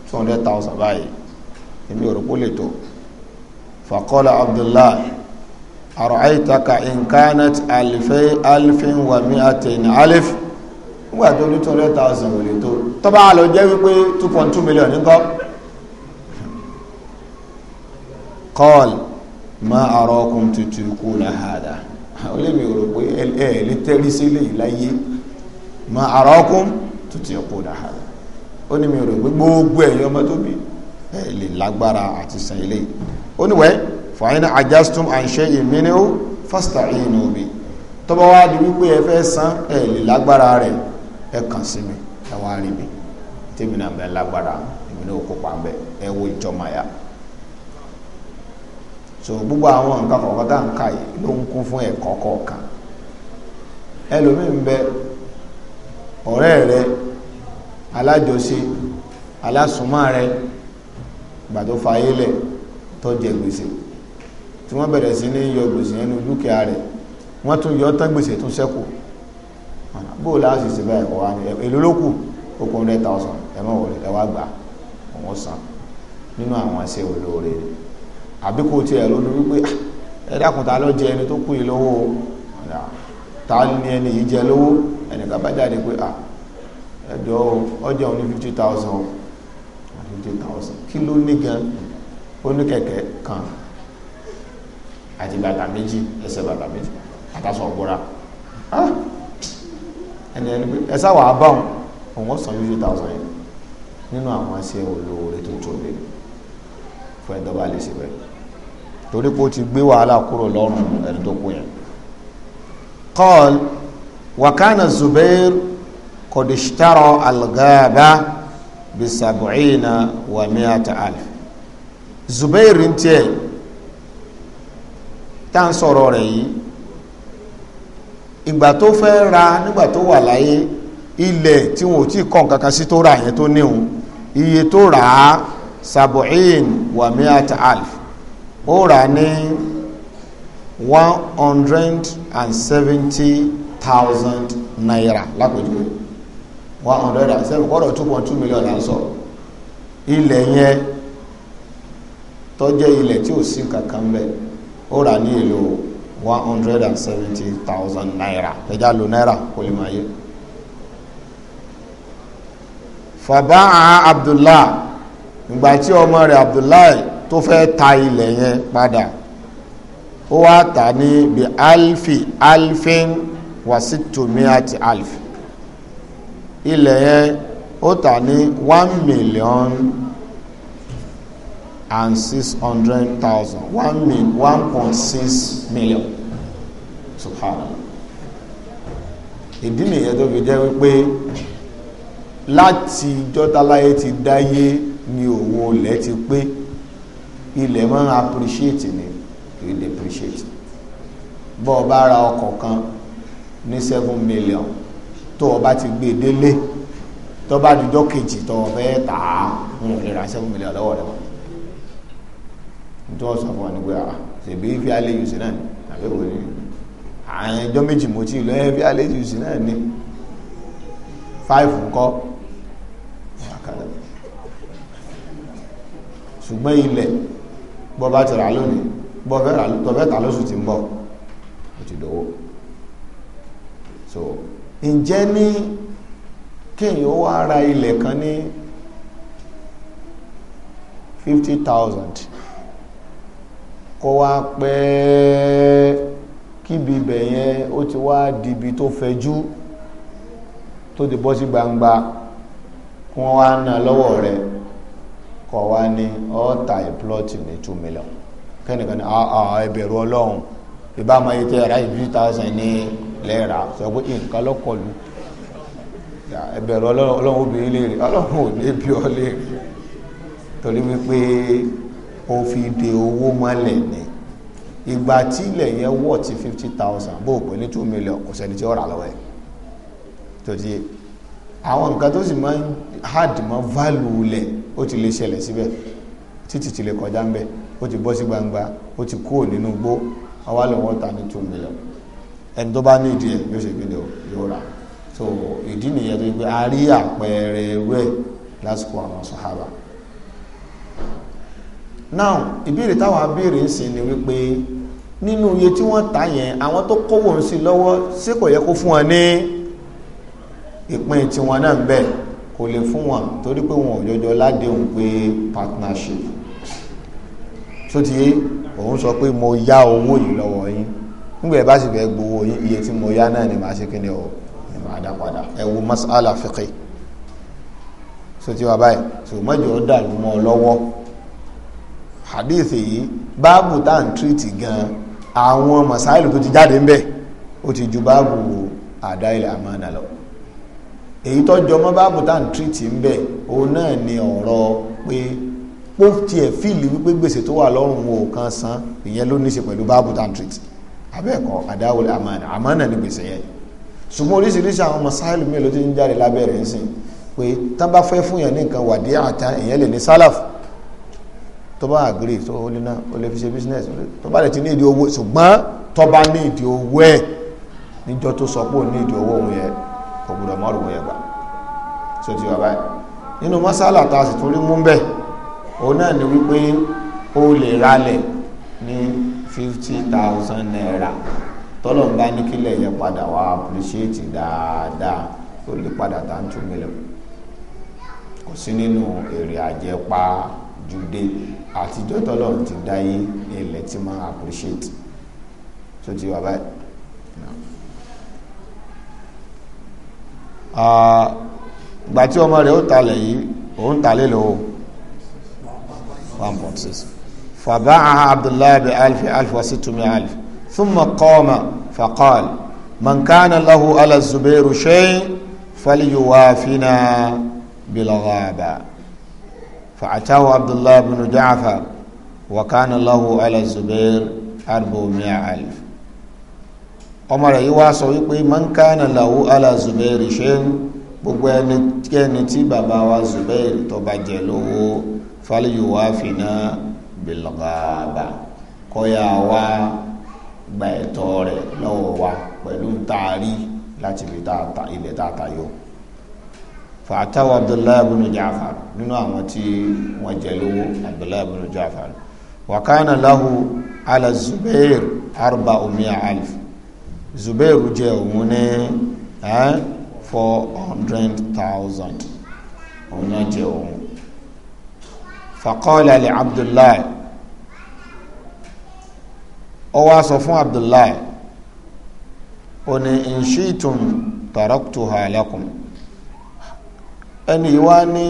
two hundred thousand báyìí èmi ò rò pé ó lè tó fàkọ́lá abdullahi àrùáìtaka incarnate alifẹ́ alifin wà mí àtẹ̀yìn alif nígbà tó ní two hundred thousand ò lè tó tó bá jẹ́ wípé two point two million nǹkan kọ́ọ̀lù ma arakum tutirkuna hada ó lè mi rò pé ẹ ẹ lè tẹ́rí sílẹ̀ láyé ma arakum tutirkuna hada ó ní mi rò pé gbogbo ẹ̀yin ọmọ tó bí ẹ lè lágbára àti san ilé ó níwẹ̀ fàáyínà ajástum àṣẹ ìmínú fasta'inu bi tọ́ba wá di wípé ẹ fẹ́ san ẹ lè lágbára rẹ̀ ẹ kàn sí mi ẹ wá rí mi tèmi náà bẹ lágbára èmi kópa bẹ ẹ wo ìjọmọ ya. so gbogbo àwọn nǹkan kọ̀ọ̀kan tá à ń ka yìí ló ń kún fún ẹ̀kọ́ kọ̀ọ̀kan bẹ ọ̀rẹ́ rẹ alájọṣe alásùnmọ́ rẹ ìgbà tó fa ayé lẹ̀ tó jẹ gbèsè tí wọ́n bẹ̀rẹ̀ sí ní yọ gbèsè dúkìá wọ́n tún yọ tán gbèsè tún sẹ́kù bóò láti ṣe bẹ́ẹ̀ ọ̀wá ni èlò ló kù ó san nínú àwọn àbí kò tiẹ̀ lónú wípé ah, ẹ dákun ta ló jẹ ẹni tó kù yìí lówó ta ni ẹni yìí jẹ lówó ẹnìkan bá jáde pé à ẹjọ́ ọjọ́ ní fifty thousand fifty thousand kí ló ní gan ó ní kẹ̀kẹ́ kan àti bàtà méjì ẹsẹ̀ bàtà méjì àtàsọ̀ ọ̀gbọ́ra ah! ẹni ẹni pé ẹ sáwà abáwọn òun ọ̀sán fifty thousand yẹn nínú àwọn ẹsẹ̀ olóore tó tóbi fún ẹ̀dọ́ bá lè ṣe bẹ́ẹ̀ torí pé ó ti gbé wàhálà kúrò lọ́rùn ẹni tó kú yẹn qal wa kana Zubair qad ishtara al-ghaba bi sab'ina wa mi'ata alf Zubair ń tiẹ̀ tá à sọ̀rọ̀ rẹ̀ yìí ìgbà tó fẹ́ ra nígbà tó wà láyé ilẹ̀ tí wọn ò tí kọ́ nǹkan sí tó rà yẹn tó níhun iye tó rà á sab'in wa mi'ata alf ó rà ní one hundred and seventy thousand naira lápèjúwe one hundred and seven kọ́dọ̀ two point two million là ń sọ ilẹ̀ yẹn tó jẹ́ ilẹ̀ tí ò sí kankan bẹ́ẹ̀ ó rà ní èlò one hundred and seventy thousand naira ẹja lo náírà kò lè máa yẹ. fàbáà abdullahi ìgbà tí ọmọ rẹ̀ abdullahi tó fẹ́ ta ilẹ̀ yẹn padà ó wá tà ní bí alfi alfin wasitomiati alf ilẹ̀ yẹn ó tà ní one million and six hundred thousand one million one point six million subhanallah ìdí nìyẹn tó fi jẹ́ wípé láti jọ́tàláyé ti dáyé ni òwò ilẹ̀ ti pé ilẹ̀ máa ń appreciate ni kì í depreciate bọ́ ọ bá ra ọkọ̀ kan ní seven million tó o bá ti gbé e délé tó bá dúdọ́ kejì tó o fẹ́ tà á n ò lè ra seven million lọ́wọ́ rẹ̀ wọ́n nítorí ọ̀sán fún wa ní pé à ah, ṣèbí fi alẹ́ yìí sí náà ni àbí wò ni àwọn ẹjọ́ méjì mo ti lọ ẹ fi alẹ́ yìí náà ni five ńkọ́ ṣùgbọ́n ilẹ̀ bọ́ bá ti rà lónìí bọ́ fẹ́ tà lóṣù tí ń bọ̀ ó ti dòwó so ǹjẹ́ ní kéèyàn ó wá ra ilẹ̀ kan ní fifty thousand kó wá pẹ́ kíbi ibẹ̀ yẹn ó ti wá dibi tó fẹjú tó ti bọ́ sí gbangba kí wọ́n wá ná lọ́wọ́ rẹ̀ kọ̀ wá ní ọ́ta ìplọ́tì ní two million kẹ́nìkan ní àà ah, ah, ẹbẹ̀rù ọlọ́run ìbá máa yẹ tẹ́ ẹ̀rá ìbí thousand ní lẹ́ẹ̀rà sọ pé nǹkan lọ́kọ̀lù ẹbẹ̀rù ọlọ́run obìnrin lè rí ọlọ́run ò ní bí ọ lè rí torí wípé ó fi de owó mọ́lẹ̀ ní ìgbà tí ilẹ̀ yẹn wọ̀ ti fifty thousand bó o pè ní two million kò sẹ́ni tí ó rà lọ́wọ́ ẹ̀ tó ti àwọn nǹkan tó sì máa ń hard mọ́ value lẹ̀ ó ti lè ṣẹlẹ̀ síbẹ̀ títí ti lè kọjá ń bẹ̀ ó ti bọ́ sí gbangba ó ti kúrò nínú gbó ọwá lọ́wọ́ ta ní two million ẹni tó bá ní ìdí ẹ̀ yóò ṣe gbélé o yóò rà so ìdí nìyẹn tó yẹ pé a rí àpẹẹrẹ ewé lásìkò àwọn sàhábà now ìbéèrè táwọn abéèrè ń sìn ni wípé nínú iye tí wọ́n ta yẹn àwọn tó kówó ń sí lọ́wọ́ ṣé kò yẹ kó fún wọn ní ìpín tiwọn náà ń bẹ́ẹ̀ kò lè fún wọn torí pé wọn ò jọjọ ládéhùn pé partnership tó ti yé òun sọ pé mo yá owó yìí lọ́wọ́ yín nígbà ẹ bá sì fẹ́ gbowó yín iye tí mo yá náà ni màá ṣe kíni o ni màá dá padà ẹ wo masala fiqi tó ti wá báyìí tó mọ́jọ dàrú mọ́ ọ lọ́wọ́ hadith yìí báàbù tá à ń tírìtì gan àwọn masáìlì tó ti jáde ń bẹ̀ ó ti ju báàbù àdá ilẹ̀ àmàna lọ èyí tó jọmọ́ báàbù tá à ń tírìtì ń bẹ̀ òun náà ni ọ̀rọ̀ pé ó tiẹ̀ fíìlì wípé gbèsè tó wà lọ́rùn o kan san ìyẹn ló ní í ṣe pẹ̀lú báàbù tá à ń tírìtì abẹ́ẹ̀kọ́ àdáwọlé àmánà àmánà ni gbèsè yẹn ṣùgbọ́n oríṣiríṣi àwọn ọmọ sáìlì mi ló ti ń jáde lábẹ́rẹ̀ ń sìn pé tá bá fẹ́ fún yẹn ní nǹkan wàdí àtà ìyẹn lè ní sálàf tó bá àgírí tó ó lé ná ó lè fi ṣe bísínẹ́sì tó bá lè ti ní ìdí owó ṣùgbọ́n tó bá ní ìdí owó ẹ̀ níjọ́ tó sọ pé ò ní ìdí owó òun yẹn kò gbọdọ̀ mọ́rùn yẹn gbà tí ó ti wà báyìí nínú mọ́sálà tá a sì tún rí mú bẹ́ẹ̀ òun náà ni wípé ó lè ralẹ̀ ní fifty thousand naira tọ́lọ̀ ń bá ní kílẹ̀ yẹn padà wá appreciate dáadáa tó lè padà tá n tún mílẹ̀ kò sí nínú èrè àjẹpá jude àtijọ́ tọ́lọ̀ ti dáyé ilẹ̀ tí máa appreciate tó ti wà báyìí. gbà tí ọmọ rẹ̀ ó talẹ̀ yìí òun talẹ̀ lọ́wọ́ one point six فباعها عبد الله بألف ألف وستمائة ألف ثم قام فقال من كان له على الزبير شيء فليوافنا بالغابة فأتاه عبد الله بن جعفر وكان له على الزبير أربعمائة ألف ọmọ rẹ̀ yìí wá sọ wípé mọ́ńkánà làwọ́ àlà Zubairi ṣe ń gbogbo ẹnikẹ́ni tí bàbá wa Zubairi tó bá jẹ lówó falyuwafina bilghaba kọ́yà wa gba ẹ̀tọ́ rẹ̀ lọ́wọ́ wa pẹ̀lú ntaari láti fi ilẹ̀ tààtà yọ fàtàwọn Abdullahi ibn Ja'far nínú àwọn tí wọ́n jẹ lówó Abdullahi ibn Ja'far wa kana lahu arba omiya alif zubairu jẹ òun ní four hundred thousand òun náà jẹ òun faqala li abdullahi ó wá sọ fún abdullahi ó ní in shi'tum taraktuha lakum ẹni ìwá ní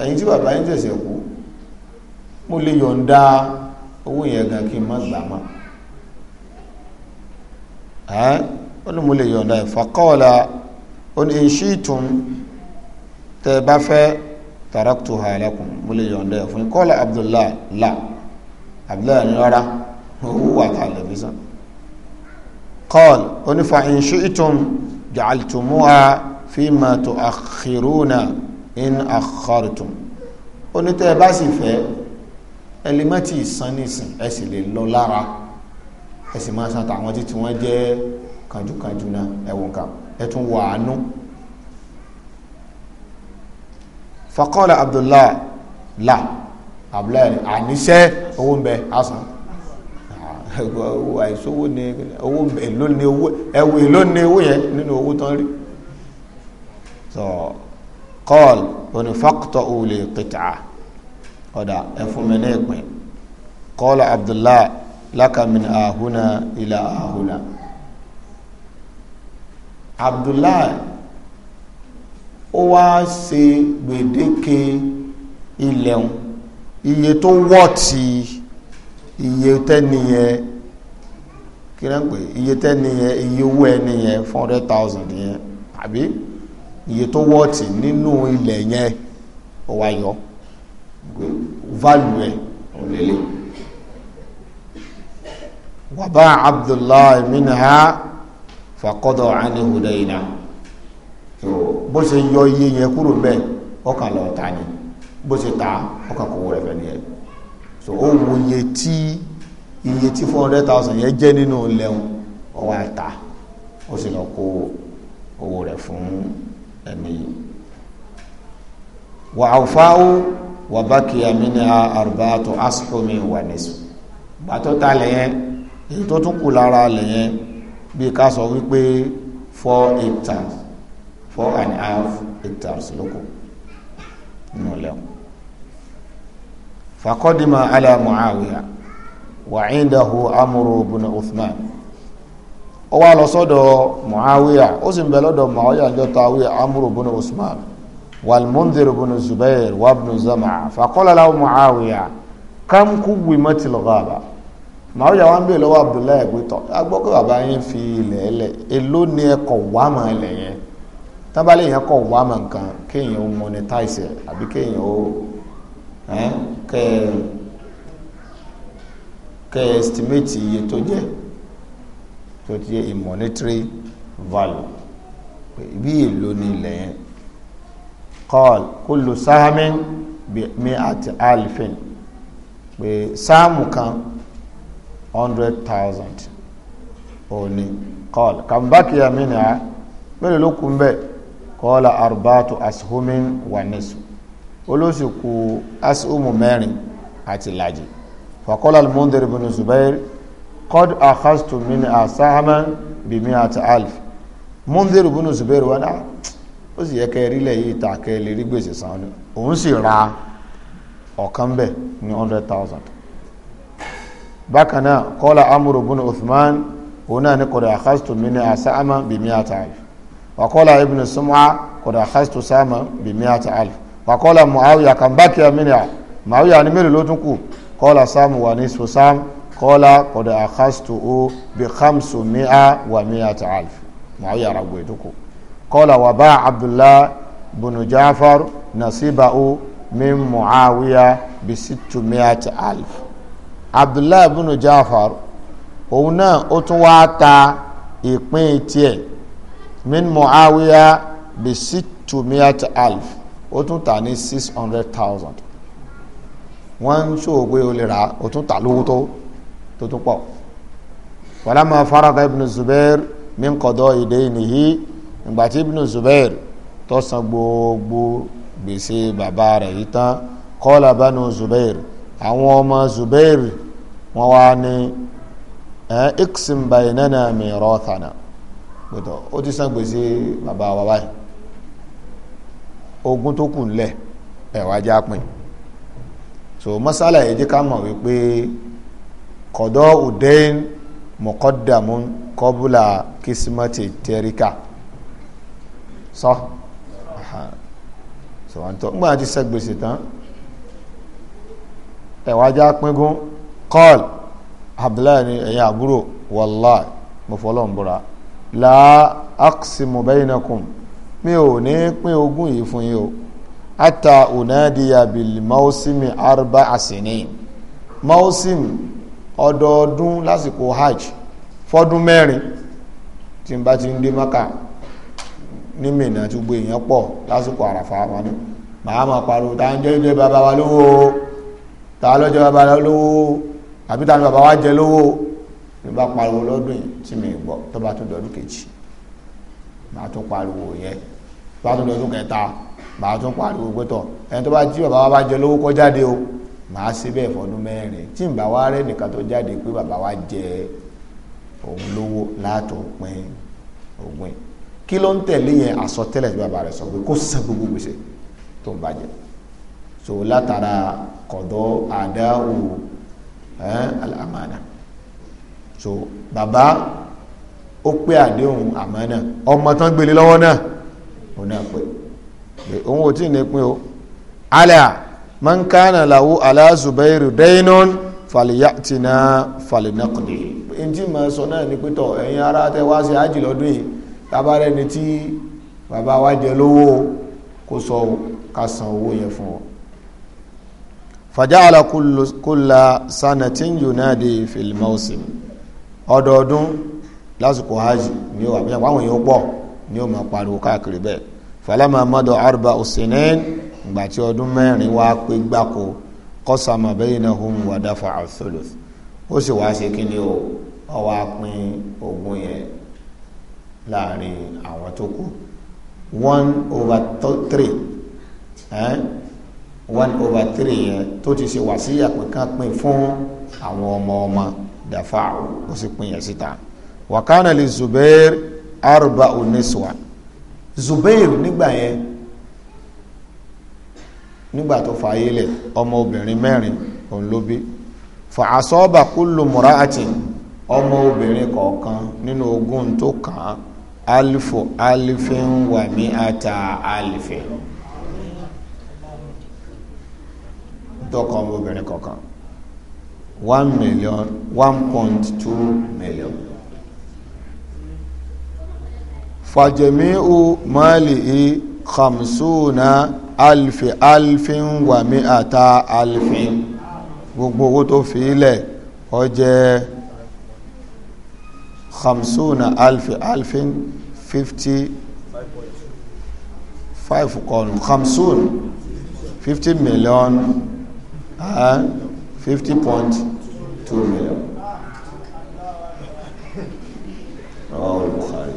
ẹ̀yìn tí bàbá yín tẹ̀sẹ̀ kú mo lè yọ̀ǹda owó yẹn gan kí n má gbà máa ẹ́n ó ní mo lè yọ̀ǹda ẹ̀ faqala ó ní in shi'tum tẹ́ ẹ bá fẹ́ taraktuha lakum mo lè yọ̀ǹda ẹ̀ fún qala abdullahi la abdullahi ní rárá owó wà tá a lè fi sàn qala ó ní fa in shi'tum ja'altumuha fima tu'akhiruna in akhartum ó tẹ́ bá sì fẹ́ ẹlẹ́mẹ́tì ìsan nísìn ẹ sì lè lọ lára ẹ̀sìn máa san tàwọn títí wọ́n jẹ́ kanjúkanjú náà ẹ̀wọ̀n kan ẹ̀tún wà ánú faqala abdullah la abdullah àníṣẹ́ owó ń bẹ asan àìsówó ni owó èlò ni owó ẹwù èlò ni owó yẹn nínú owó tán rí so qala onífàkùtọ̀ òòlè kìtà ọ̀dà ẹ̀fúnmi ní ìpín qala abdullah laka min ahuna ila ahuna abdullahi ó wá ṣe gbèdéke ilẹ̀hún iye tó wọ́ọ̀tì iye tẹ́niyẹn kí náà pé iye tẹ́niyẹn iye owó ẹniyẹn four hundred thousand yẹn àbí iye tó wọ́ọ̀tì nínú ilẹ̀ yẹn ó wá yọ value ẹ̀ òun lélẹ̀ وباع عبد الله منها فقضى عنه دينه bó ṣe yọ iye yẹn kúrò bẹ́ẹ̀ ọkà lọ ta ni bó ṣe ta ọkà kò wọ ẹ̀fẹ̀ nìyẹn so ó wo iye tí iye tí four hundred thousand yẹn jẹ́ nínú lẹ́hùn ọwọ́ àta ó sì lọ kó owó rẹ̀ fún ẹni yìí wà áwùfáwù wà bá kìyàmínà arba'atu ashumi wà nísù gbàtọ́ ta lẹ́yìn. èyí tó tún kù lára ilẹ̀ yẹn bí ká sọ wípé four hectares four and a half hectares lóko nínú lẹ́wọ̀n fàkọ́dìmọ̀ ala wa indahu amúrò Uthman ó wá lọ sọ́dọ̀ Muawiya ó sì ń bẹ lọ́dọ̀ Muawiya ń jọ tawí amúrò bùnà Uthman والمنذر بن wa وابن zama فقال له معاوية kam màáríyà wa ń bèèrè Abdullahi ẹ̀gbẹ́tọ̀ agbọ́kọ̀ bàbá yín fi ilẹ̀ ẹlẹ̀ èló ni ẹ kọ̀ wá mọ̀ yẹn tábàlẹ̀ yẹn kọ̀ wá mọ̀ nǹkan kéèyàn ó monetize àbí kéèyàn ó estimate iye tó jẹ́ tó ti yẹ monetary value bí èló ni ilẹ̀ yẹn kọl kullu sáhámi mi àti alifin pé sáàmù kan. hundred thousand òní kọ́ọ̀lù kàmbákìyà mi nà á mélòó ló kún bẹ́ẹ̀ kọ́ọ̀lù arbaatu ashumin wà nísù ku ashumu mẹ́rin àti làjì fàkọ́lá al-Mundhir ibn Zubair qad akhaztu min asahaman bimi àti alf Mundhir ibn Zubair wà náà ah, ó sì yẹ kẹ́ ẹ rí yìí ta kẹ́ ẹ lè rí gbèsè san òun sì ra ọ̀kan bẹ́ẹ̀ ní hundred thousand bákan náà kọ́lá amúrò bùnú uthman òun náà ní kọ̀dà àkásùtù mi ní àsáàmà bìmí àtàlù wàkọ́lá ibùnú súnmọ́ kọ̀dà àkásùtù sáàmà bìmí àtàlù wàkọ́lá muawiya kan bákì amínà muawiya ní mélòó ló tún kù kọ́lá sáàmù wà ní sùsám kọ́lá kọ̀dà àkásùtù ó bí khamsu mi'a wà mí àtàlù muawiya rà gbé dúkù kọ́lá wà bá abdullah bùnú jáfar nasiba ó min muawiya bí sítù mi'a àtàlù abdullahi ibn jafar òun náà ó tún wá ta ìpín tiẹ̀ min muawiya bi situmiat alf ó tún ta ní six hundred thousand wọ́n ń ṣòwògbé olè rà ó tún ta lówó tó tó tún pọ̀ wàlámà farada ibn zubair min qada idaynihi ìgbà tí ibn zubair tó gbogbo gbèsè bàbá rẹ̀ yìí tán qala banu zubair àwọn ọmọ Zubair wọn wá ní ẹ iksim bainana mirathana gbẹtọ ó ti san gbèsè bàbá wa báyìí ogún tó kù ńlẹ̀ ẹ já pin so masala yìí jẹ ká mọ̀ wípé kọdọ udain mọkọdàmún kọbùlà kìsímọtì tẹríkà sọ so àǹtọ ngbà tí sẹ gbèsè tán. So, ẹ̀wọ̀n ajá pínkún kọ́ọ̀lù abdullahi ni ẹ̀yin àbúrò wallahi mo búra la mi ò ní pín ogún yìí fún o ata unadiya bil arba asinin mausim ọdọọdún lásìkò hajj fọdún mẹrin tí n bá ti ń dé maka ní mìíràn tí gbogbo èèyàn pọ̀ lásìkò àràfà wọn ni màá ma pariwo tá à ń jẹ́ ta lọ́jọ́ bàbá lówó àbí ta ni bàbá wa jẹ lówó ló bá pariwo lọ́dún yìí tí mi gbọ́ tó bá tún dọ̀dún kejì màá tún pariwo yẹ tó bá tún dọ̀dún kẹta màá tún pariwo gbẹ́tọ̀ ẹni tó bá jí bàbá wa bá jẹ lówó kó jáde o màá ṣe bẹ́ẹ̀ fọdún mẹ́rin tí n bá wa rẹ́ nìkan tó jáde pé bàbá wa jẹ òun lówó látòpin ògùn kí ló ń tẹ̀lé yẹn àsọtẹ́lẹ̀ tí bàbá rẹ̀ sọ pé kó san gbogbo gbèsè tó ń bàjẹ́ so látara kọ̀dọ̀ àdáwò àmàna so bàbá ó pé àdéhùn àmàna ọmọ tán gbélé lọ́wọ́ náà ó náà pé òun ò tí ì ní pín o alẹ́ à man kana lahu ala zubairu dainun faliyatina falinakudi. n tí màá sọ náà ni pé tọ ẹ̀yin ara tẹ wá sí ájì yìí tábàárẹ̀ ni tí bàbá wa jẹ lówó kó sọ ká owó yẹn fún ọ fàjáàlà kúlà sanatin yunadi fil mawsim ọdọọdún lásìkò hajj ni ó wà bí àwọn èèyàn pọ̀ ni ó máa pariwo káàkiri bẹ́ẹ̀ falama madu arba usinin gbàtí ọdún mẹ́rin wá pé gbáko kọsàmà bainahum wà dáfà àtholus ó sì wáá ṣe kí ni o ó wá pín ogún yẹn láàrin àwọn tó kù one over three. Eh? one over three yẹn tó ti ṣe wàsíyà pé ká pín fún àwọn ọmọ ọmọ dàfà ó sì pín yẹn síta wàkánà lè Zubair arba oniswa Zubair nígbà yẹn nígbà tó fààyè lẹ ọmọ obìnrin mẹ́rin òun ló bí fa asọ́ba kúlù mùráàtì ọmọ obìnrin kọ̀ọ̀kan nínú ogún tó kàn án alifu alifin wàmí ata alifin. tọkọ ọmọbìnrin kọ̀ọ̀kan one million one point two million. fàjẹ̀míhù máàlì i khamsuna alfi alfin wa mi'ata alfin gbogbo owó tó fi ilẹ̀ ó jẹ́ khamsuna alfi alfin fifty five kọ́nù khamsun fifty million and fifty point two million. Rawal Bukhari.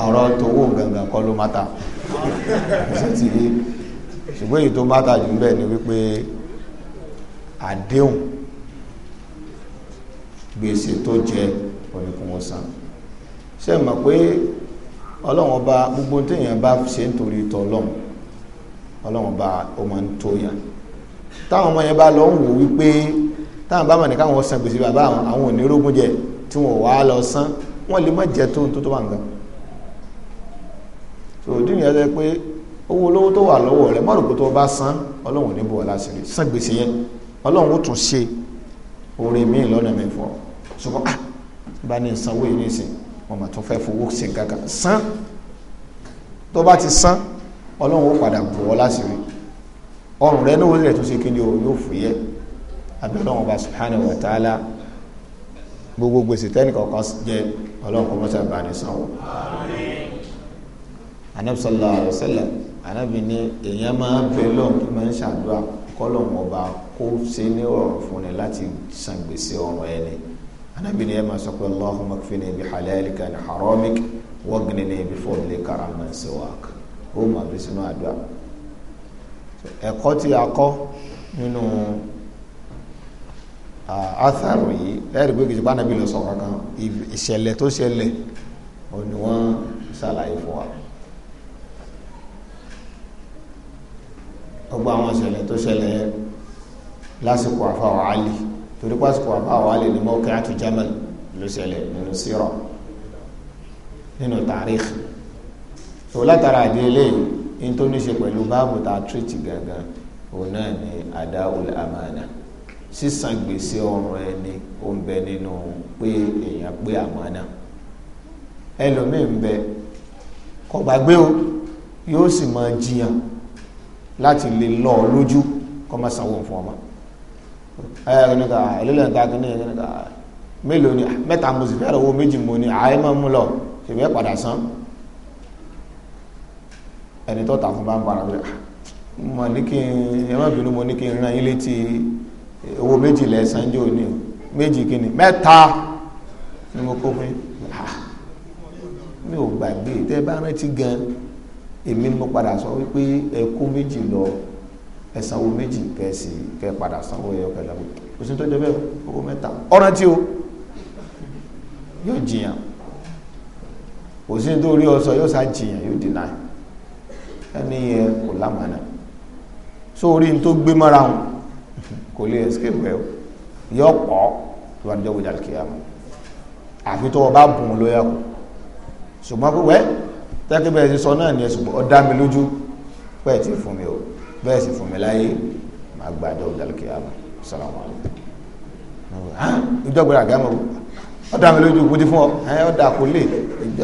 ọ̀rọ̀ tówó gangan kọ́ ló mátà ṣùgbọ́n èyí tó mátà jù bẹ́ẹ̀ ni wípé àdéhùn gbèsè tó jẹ oníkùnwó san ṣe mọ̀ pé ọlọ́run ọba gbogbo téèyàn bá ṣe ń torí tọ ọlọ́run ọlọ́run ọba ó máa ń tó yàn táwọn ọmọ yẹn bá lọ ń wò wípé táwọn bá mọ̀ ní káwọn san gbèsè bàbá àwọn àwọn ò ní rógún jẹ tí wọn ò wá lọ san wọn lè má jẹ tó tó tó wà nǹkan so òdì nìyẹn sọ pé owó olówó tó wà lọ́wọ́ rẹ mọ́rùkú tó bá san ọlọ́run ní bọ̀wọ̀ láṣìírí san gbèsè yẹn ọlọ́run ó tún ṣe oore míì lọ́nà mi ṣùgbọ́n ah, bá ní ìsanwó yìí ní ìsìn wọn mà tún fẹ́ fowó sí kankan san tó bá ti san ọlọ́run ó padà bù ọ́ láṣìírí ọrùn rẹ níwọ̀n rẹ̀ tó ṣe kíni o yóò fúyẹ́ abẹ́rẹ́ wọn bá subhanahu wa ta'ala gbogbo gbèsè tẹ́nìkan kan jẹ ọlọ́run kọ́ mọ́tà bá ní sanwó. anabi sallallahu alayhi wa sallam anabi ni èèyàn máa ń bẹ lọ́n kí máa ń ṣàdúrà kọ́lọ̀ wọn bá kó ṣe ní ọ̀rọ̀ fún ni láti san gbèsè ọ̀rọ̀ ẹni anabi ni ẹ máa sọ pé allahumma kfini bi halalika an haramik wagnini bi fadlika amman siwak ó máa fi sínú àdúrà ẹ̀kọ́ tí a kọ́ nínú atharu yìí lẹ́rìí pé kìsìpá anabi lọ sọ̀rọ̀ kan ìṣẹ̀lẹ̀ tó ṣẹlẹ̀ ó ní wọ́n ṣàlàyé fún wa. gbogbo àwọn ìṣẹ̀lẹ̀ tó ṣẹlẹ̀ lásìkò àfàwọ̀ Ali torí pásítọ̀ àwọn alẹ́ ní mọ́kẹ́ àti jamal ló ṣẹlẹ̀ nínú sírà nínú tàríkh tó látara àdéhélé yìí tó ní ṣe pẹ̀lú báàbù tá a tírìtì gangan òun náà ni adául amana sísan gbèsè ọrùn ẹni ó ń bẹ nínú pé èèyàn pé àmánà ẹlòmíì ń bẹ kò o yóò sì máa jiyàn láti lè lọ lójú kó má sanwó fún ọmọ. ẹ kìíní ká ta kìíní kìíní mélòó ni ah, owó méjì mo ni àyè máa mú lọ ṣèbí ẹ padà san ẹni tó ta fún bá ń para pé ah, mo ní kí n ẹ má bínú mo ní kí n owó méjì lẹ́sàn-án méjì ni mo kó fún ah, mi ò gbàgbé bá rántí ẹ sanwó méjì kẹsì kẹ padà sanwó ẹyọ pẹ̀lú kò sí tó jẹ bẹ́ẹ̀ owó mẹ́ta ọ̀ràn tí o yóò jiyàn kò sí tó rí ọsọ yóò sá jiyàn yóò dínà ẹni yẹ kò lámàánà sórí tó gbé mọ́ra wọn kò lè escape ẹ o yọ pọ̀ tó bá dọ̀wọ́ jà kí a mọ̀ àfi tó o bá bùn lóyà kù ṣùgbọ́n pé wẹ́ tẹ́kí bẹ́ẹ̀ ti sọ náà ni ẹ̀sùn ọ̀dá mi lójú pẹ́ẹ̀ ti fún mi o bẹ́ẹ̀ sì fún mi láyé máa gba àjọ ìdàlùkì àmà sọ̀rọ̀ wọn. ìjọba àgbà mọ̀ ọ́ dá mi lójú ìbúdí fún ọ ẹ̀ ọ́ dà kó lè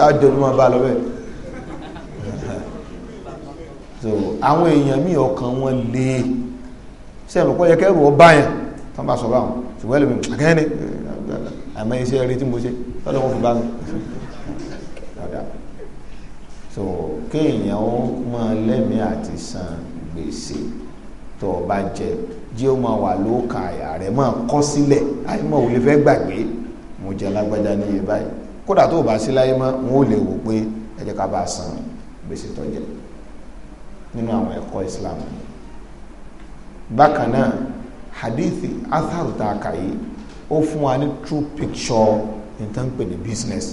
àjọ ló máa bá lọ bẹ́ẹ̀. so àwọn èèyàn míì ọkàn wọn lè sẹ́mi kọ́ yẹ kẹ́rù ọba yẹn tó ń bá sọ báwọn ṣùgbọ́n ẹlòmíì àkẹ́ni àmọ́ iṣẹ́ rí tí mo ṣe lọ́dọ̀ wọn fi bá mi so kéèyàn ó máa lẹ́mìí àti san gbèsè tó o bá jẹ jí o máa wà lóòkàn àyà rẹ máa kọ sílẹ̀ àìmọ̀ ò lè fẹ́ gbàgbé mo jẹ alágbájá ní iye báyìí kódà tó o bá sí láyé mọ́ wọn ò lè wò pé ẹ jẹ́ ká bá a san gbèsè tó jẹ nínú àwọn ẹ̀kọ́ Islam bákan náà hadithi atharu tá a kà yìí ó fún wa ní true picture nǹkan pè ní business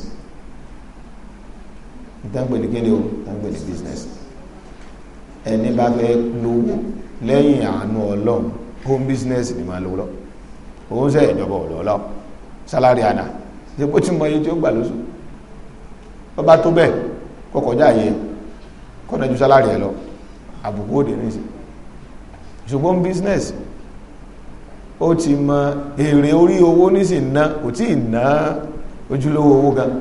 nǹkan pè ní kíni o nǹkan pè ní business ẹni bá fẹ́ lówó lẹ́yìn àánú ọlọ́run home business ni máa lówó lọ òun sẹ́ ìjọba ọ̀lọ́lọ́ sálárì àná ṣe bó ti mọ iye tí ó gbà lóṣù bọ́bá tó bẹ́ẹ̀ kọkọjá yẹ kọ́nà ju sálárì ẹ lọ àbùkù òde ní ìsìn ṣùgbọ́n business ó ti mọ èrè orí owó nísìn ná kò tí ì ná ojúlówó owó gan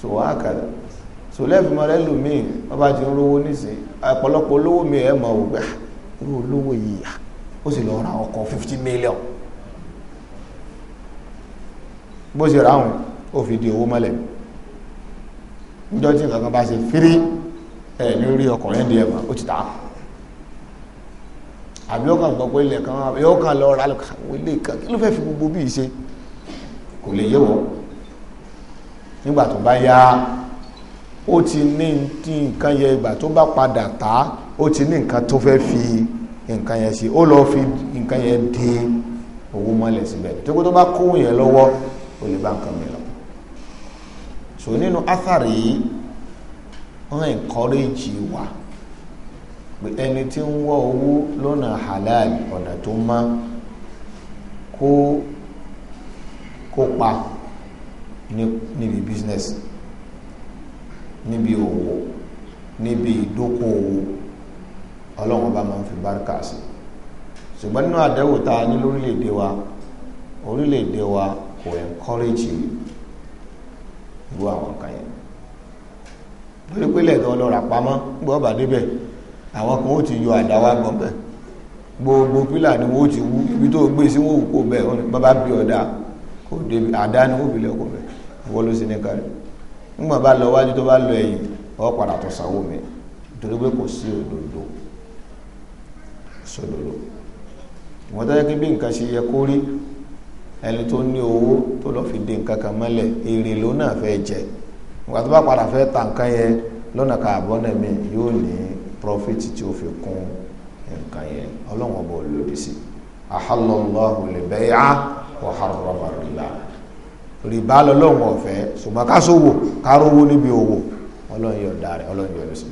so wàá kàdà so lẹ́fì mọ́ rẹ̀ wọ́n bá ti ń rówó ọ̀pọ̀lọpọ̀ olówó mi ẹ̀ mọ̀ ògbà ah, irú olówó ah, ó sì ra ọkọ̀ fifty million bó ra àwọn ó fi di owó mọ́lẹ̀ níjọ́ tí nǹkan kan bá ṣe firi ẹ̀ di ẹ̀ mọ́ ó ti tà á àbí ó gbọ́ pé ilẹ̀ kan lọ ra ilé kan kí ló fẹ́ fi gbogbo ṣe kò lè ó ti ní nǹkan yẹn ìgbà tó bá padà ó ti ní nǹkan tó fẹ́ fi nǹkan yẹn ṣe ó lọ fi nǹkan yẹn dé owó mọ́lẹ̀ síbẹ̀ tó kó tó bá kó yẹn lọ́wọ́ ó lè bá nǹkan mi lọ so nínú áthàrí yìí wọ́n wa pé ẹni tí ń wọ́ owó lọ́nà halal ọ̀nà tó má kó kópa níbi níbi òwò níbi ìdókòwò ọlọ́run bá máa ń fi báríkà sí ṣùgbọ́n nínú àdẹ́wò tá a ní lórílẹ̀‐èdè wa orílẹ̀‐èdè wa kò encourage irú àwọn kan yẹn lórí pé lẹ́ẹ̀kan ọlọ́ra pamọ́ gbọ́ ọba débẹ̀ àwọn kan ó ti yọ àdáwà gbọ́n gbogbo pílà ni wọ́n ti wú ibi tó gbé sí wọ́n wù kó bẹ́ẹ̀ bàbá bí ọ̀dà kò débi àdá ni wọ́n fi lẹ́kọ̀ọ́ bẹ́ẹ̀ wọ́n ló sì ní kárí nígbà bá lọ wájú tó bá lọ ẹ̀yìn ọ padà tó sanwó mi torí pé kò sí òdodo sódodo wọ́n tẹ́lẹ̀ kí bí nǹkan ṣe yẹ kó rí ẹni tó ní owó tó lọ fi dé nǹkan kan mọ́lẹ̀ èrè ló náà fẹ́ jẹ nígbà tó bá padà fẹ́ ta nǹkan yẹn lọ́nà kààbọ́nà mi yóò ní prọfìtì tí ó fi kún nǹkan yẹn ọlọ́wọ́n bò lòdì sí ahallallahu al-bay'a wa harrama riba rìbá lọ́lọ́run ọ̀fẹ́ ṣùgbọ́n ká sówò ká rówó níbi òwò ọlọ́run yóò dá ọlọ́run yóò lọ sí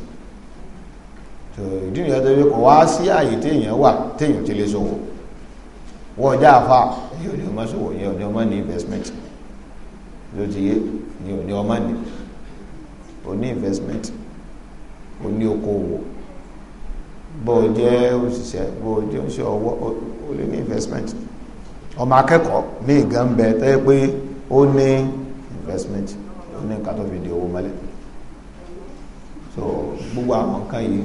ìdí nìyẹn tó yẹ kó wá sí àyè téèyàn wà téèyàn ti lè sówò wọ́n ọjà àfa èyí ní ọmọ sówò yẹn ní ọmọ ní investment ló ti yé ní ò ní ọmọ ní ní investment ní okòwò bó o jẹ́ bó o o lè ní investment ọmọ ní pé ó ní investment ó ní nǹkan tó fi di so gbogbo àwọn nǹkan yìí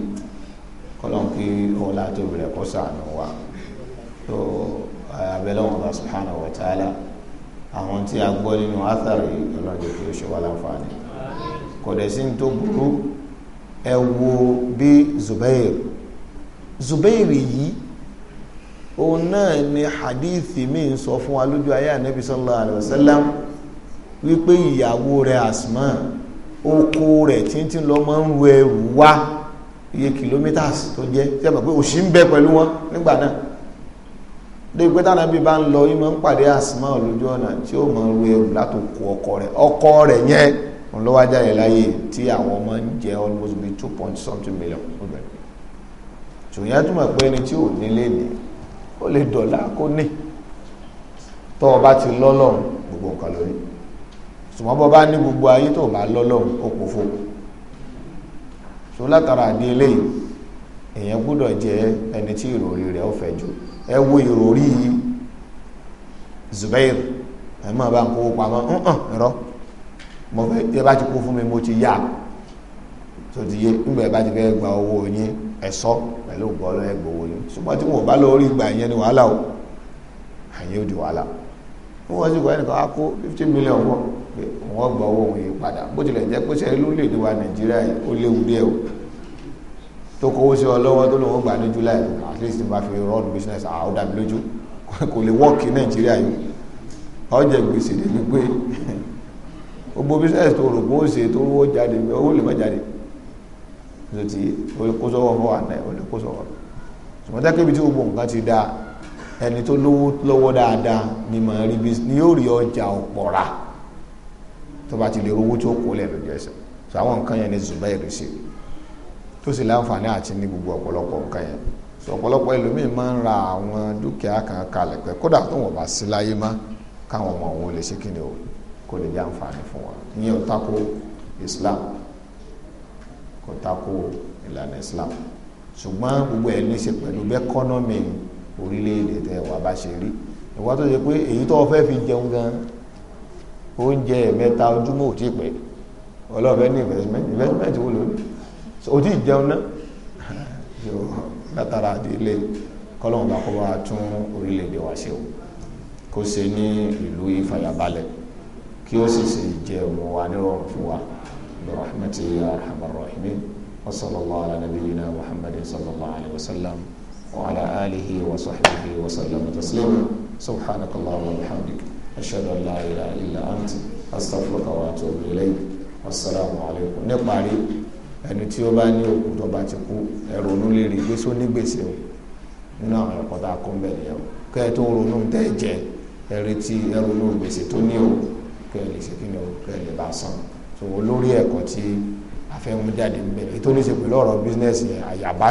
kọ́lọ́n kí òun láti rẹ̀ kó wa so abẹ́lẹ́ wọn bá àwọn tí a gbọ́ nínú átàrí o ṣe wá láǹfààní sí ní tó burú ẹ wo bí Zubair Zubair yìí òun náà ni hadithi mi ń sọ fún wa lójú ayé ànábi sallallahu alayhi wa sallam wípé ìyàwó rẹ̀ asma oko rẹ̀ títí lọ máa ń ru ẹrù wá iye kilometers tó jẹ́ tí a mọ̀ pé òṣì ń bẹ pẹ̀lú wọn nígbà náà débi pé tánàbí bá ń lọ ìmọ̀ ń pàdé asma lójú ọ̀nà tí ó máa ń ru ẹrù láti ọkọ rẹ̀ ọkọ rẹ̀ yẹn òun lọ́wọ́ ajáyẹ̀ láyé tí àwọn ọmọ ń jẹ́ almost be two point something million ṣùgbọ́n yẹn túmọ̀ pé ẹni tí ò nílé nìyẹn ó lè dọ̀lá kó ní tó o bá ti lọ́lọ́run gbogbo nǹkan lórí ṣùgbọ́n bọ́ bá ní gbogbo ayé tó o bá lọ́lọ́run ó kò fún so látara àdé eléyìí èèyàn gbọ́dọ̀ jẹ́ ẹni tí ìròrí rẹ̀ ó fẹ́ jù ẹ wo ìròrí Zubair ẹ máa bá ń kó pamọ́ ǹǹ ẹ̀rọ mo fẹ́ yẹ bá ti kú fún mi mo ti yá tó ti yé nígbà yẹ bá ti fẹ́ gba owó yín ẹ̀sọ́ pẹ̀lú ògbọ́ ọlọ́yẹ gbowó ni ṣùgbọ́n tí wọn ò bá lọ orí ìgbà yẹn ni wàhálà o àyè ó di wàhálà wọn wọ́n sì kọ́ ẹnìkan á kó fifteen million wọ́n pé wọ́n gba owó òun yìí padà bó tilẹ̀ jẹ́ pé sẹ́yìn lórílẹ̀‐èdè wa nàìjíríà yìí ó léwu díẹ̀ o tó kówó sí ọ tó lóun gbà ní july at least bá fi run business àwọn dàbí lójú kò lè wọ́ọ̀kì nàìjíríà yìí ọjà gbèsè débi pé gbogbo business tó rò pé ó ṣe tó owó jáde owó lè má jáde ló ti olùkóṣọwọ́ fún àná olùkóṣọwọ́ ṣùgbọ́n dákẹ́bi tí gbogbo nǹkan ti da ẹni tó lówó lọ́wọ́ dáadáa ni mà á rí ni yóò rí ọjà ọ̀pọ̀ rà tó bá ti lè rówó kó lẹ̀ lójú ẹsẹ̀ so àwọn nǹkan yẹn ni Zubairu ṣe tó sì láǹfààní àti ní gbogbo ọ̀pọ̀lọpọ̀ nǹkan yẹn so ọ̀pọ̀lọpọ̀ ẹlòmíì máa ń ra àwọn dúkìá kan kalẹ̀ pẹ́ kódà tó wọ́n bá sí láyé má káwọn ọmọ òun lè ṣe kí ni o kó lè jẹ́ àǹfààní fún wọn ìyẹn ò tako Islam kò tako ìlànà Islam ṣùgbọ́n gbogbo ẹ̀ ní ṣe pẹ̀lú bẹ́kọ́nọ́mì orílẹ̀-èdè tẹ wà bá ṣe rí ìwà tó ṣe pé èyí tó fẹ́ fi jẹun gan oúnjẹ mẹ́ta ojúmọ́ ò tí pẹ́ ọlọ́ọ̀fẹ́ ní investment investment wo ló ní ò tí jẹun náà yóò látara àdílé kọ́lọ́hún bá kọ́ bá tún orílẹ̀-èdè wa ṣe o kó ṣe ní ìlú ìfàyàbalẹ̀ kí ó sì ṣe jẹun wa nírọ̀rùn fún wa. برحمتك يا أرحم الراحمين وصلى الله على نبينا محمد صلى الله عليه وسلم وعلى آله وصحبه وسلم تسليما سبحانك اللهم وبحمدك أشهد أن لا إله إلا أنت أستغفرك وأتوب إليك والسلام عليكم nípa rí ẹni tí ó bá ní òkú tó bá ti kú ẹrònú lè rí gbèsè onígbèsè o nínú àwọn ẹ̀kọ́ tá a kó ń bẹ̀ nìyẹn o kẹ́ ẹ tó ronú tẹ́ jẹ ẹ̀rí tí ẹrònú gbèsè tó ní o kẹ́ ẹ lè ṣe kí ni o kẹ́ ẹ lè bá a san so olórí ẹ̀kọ́ tí a fẹ́ mú jáde ń bẹ̀rẹ̀ ètò oníṣe pẹ̀lú ọ̀rọ̀ bísínẹ́sì àyàbá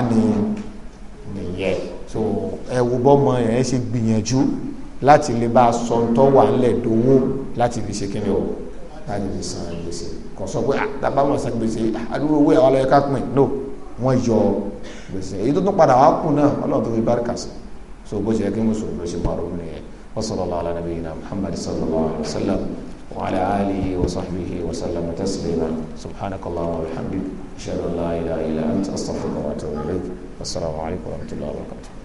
nìyẹn so ẹ wo bọ́mọ yẹn ṣe gbìyànjú láti lè bá a sọ ntọ́ wà ńlẹ̀ dòwó láti fi ṣe kíni o láti fi san gbèsè kò sọ pé àtàbà ah, wọn san gbèsè àdúró ah, owó ẹ̀ wà lọ́yẹ ká pin no wọ́n yọ gbèsè èyí tó tún padà wá kù náà ọlọ́run tó fi báríkà sí so bó ṣe yẹ kí mùsùlùmí ló ṣe máa ronú nìyẹn wọ́n sallallahu ala nabiyyina Muhammad sallallahu alaihi wasallam. وعلى آله وصحبه وسلم تسليما سبحانك اللهم وبحمدك أشهد أن لا إله إلا أنت أستغفرك وأتوب إليك والسلام عليكم ورحمة الله وبركاته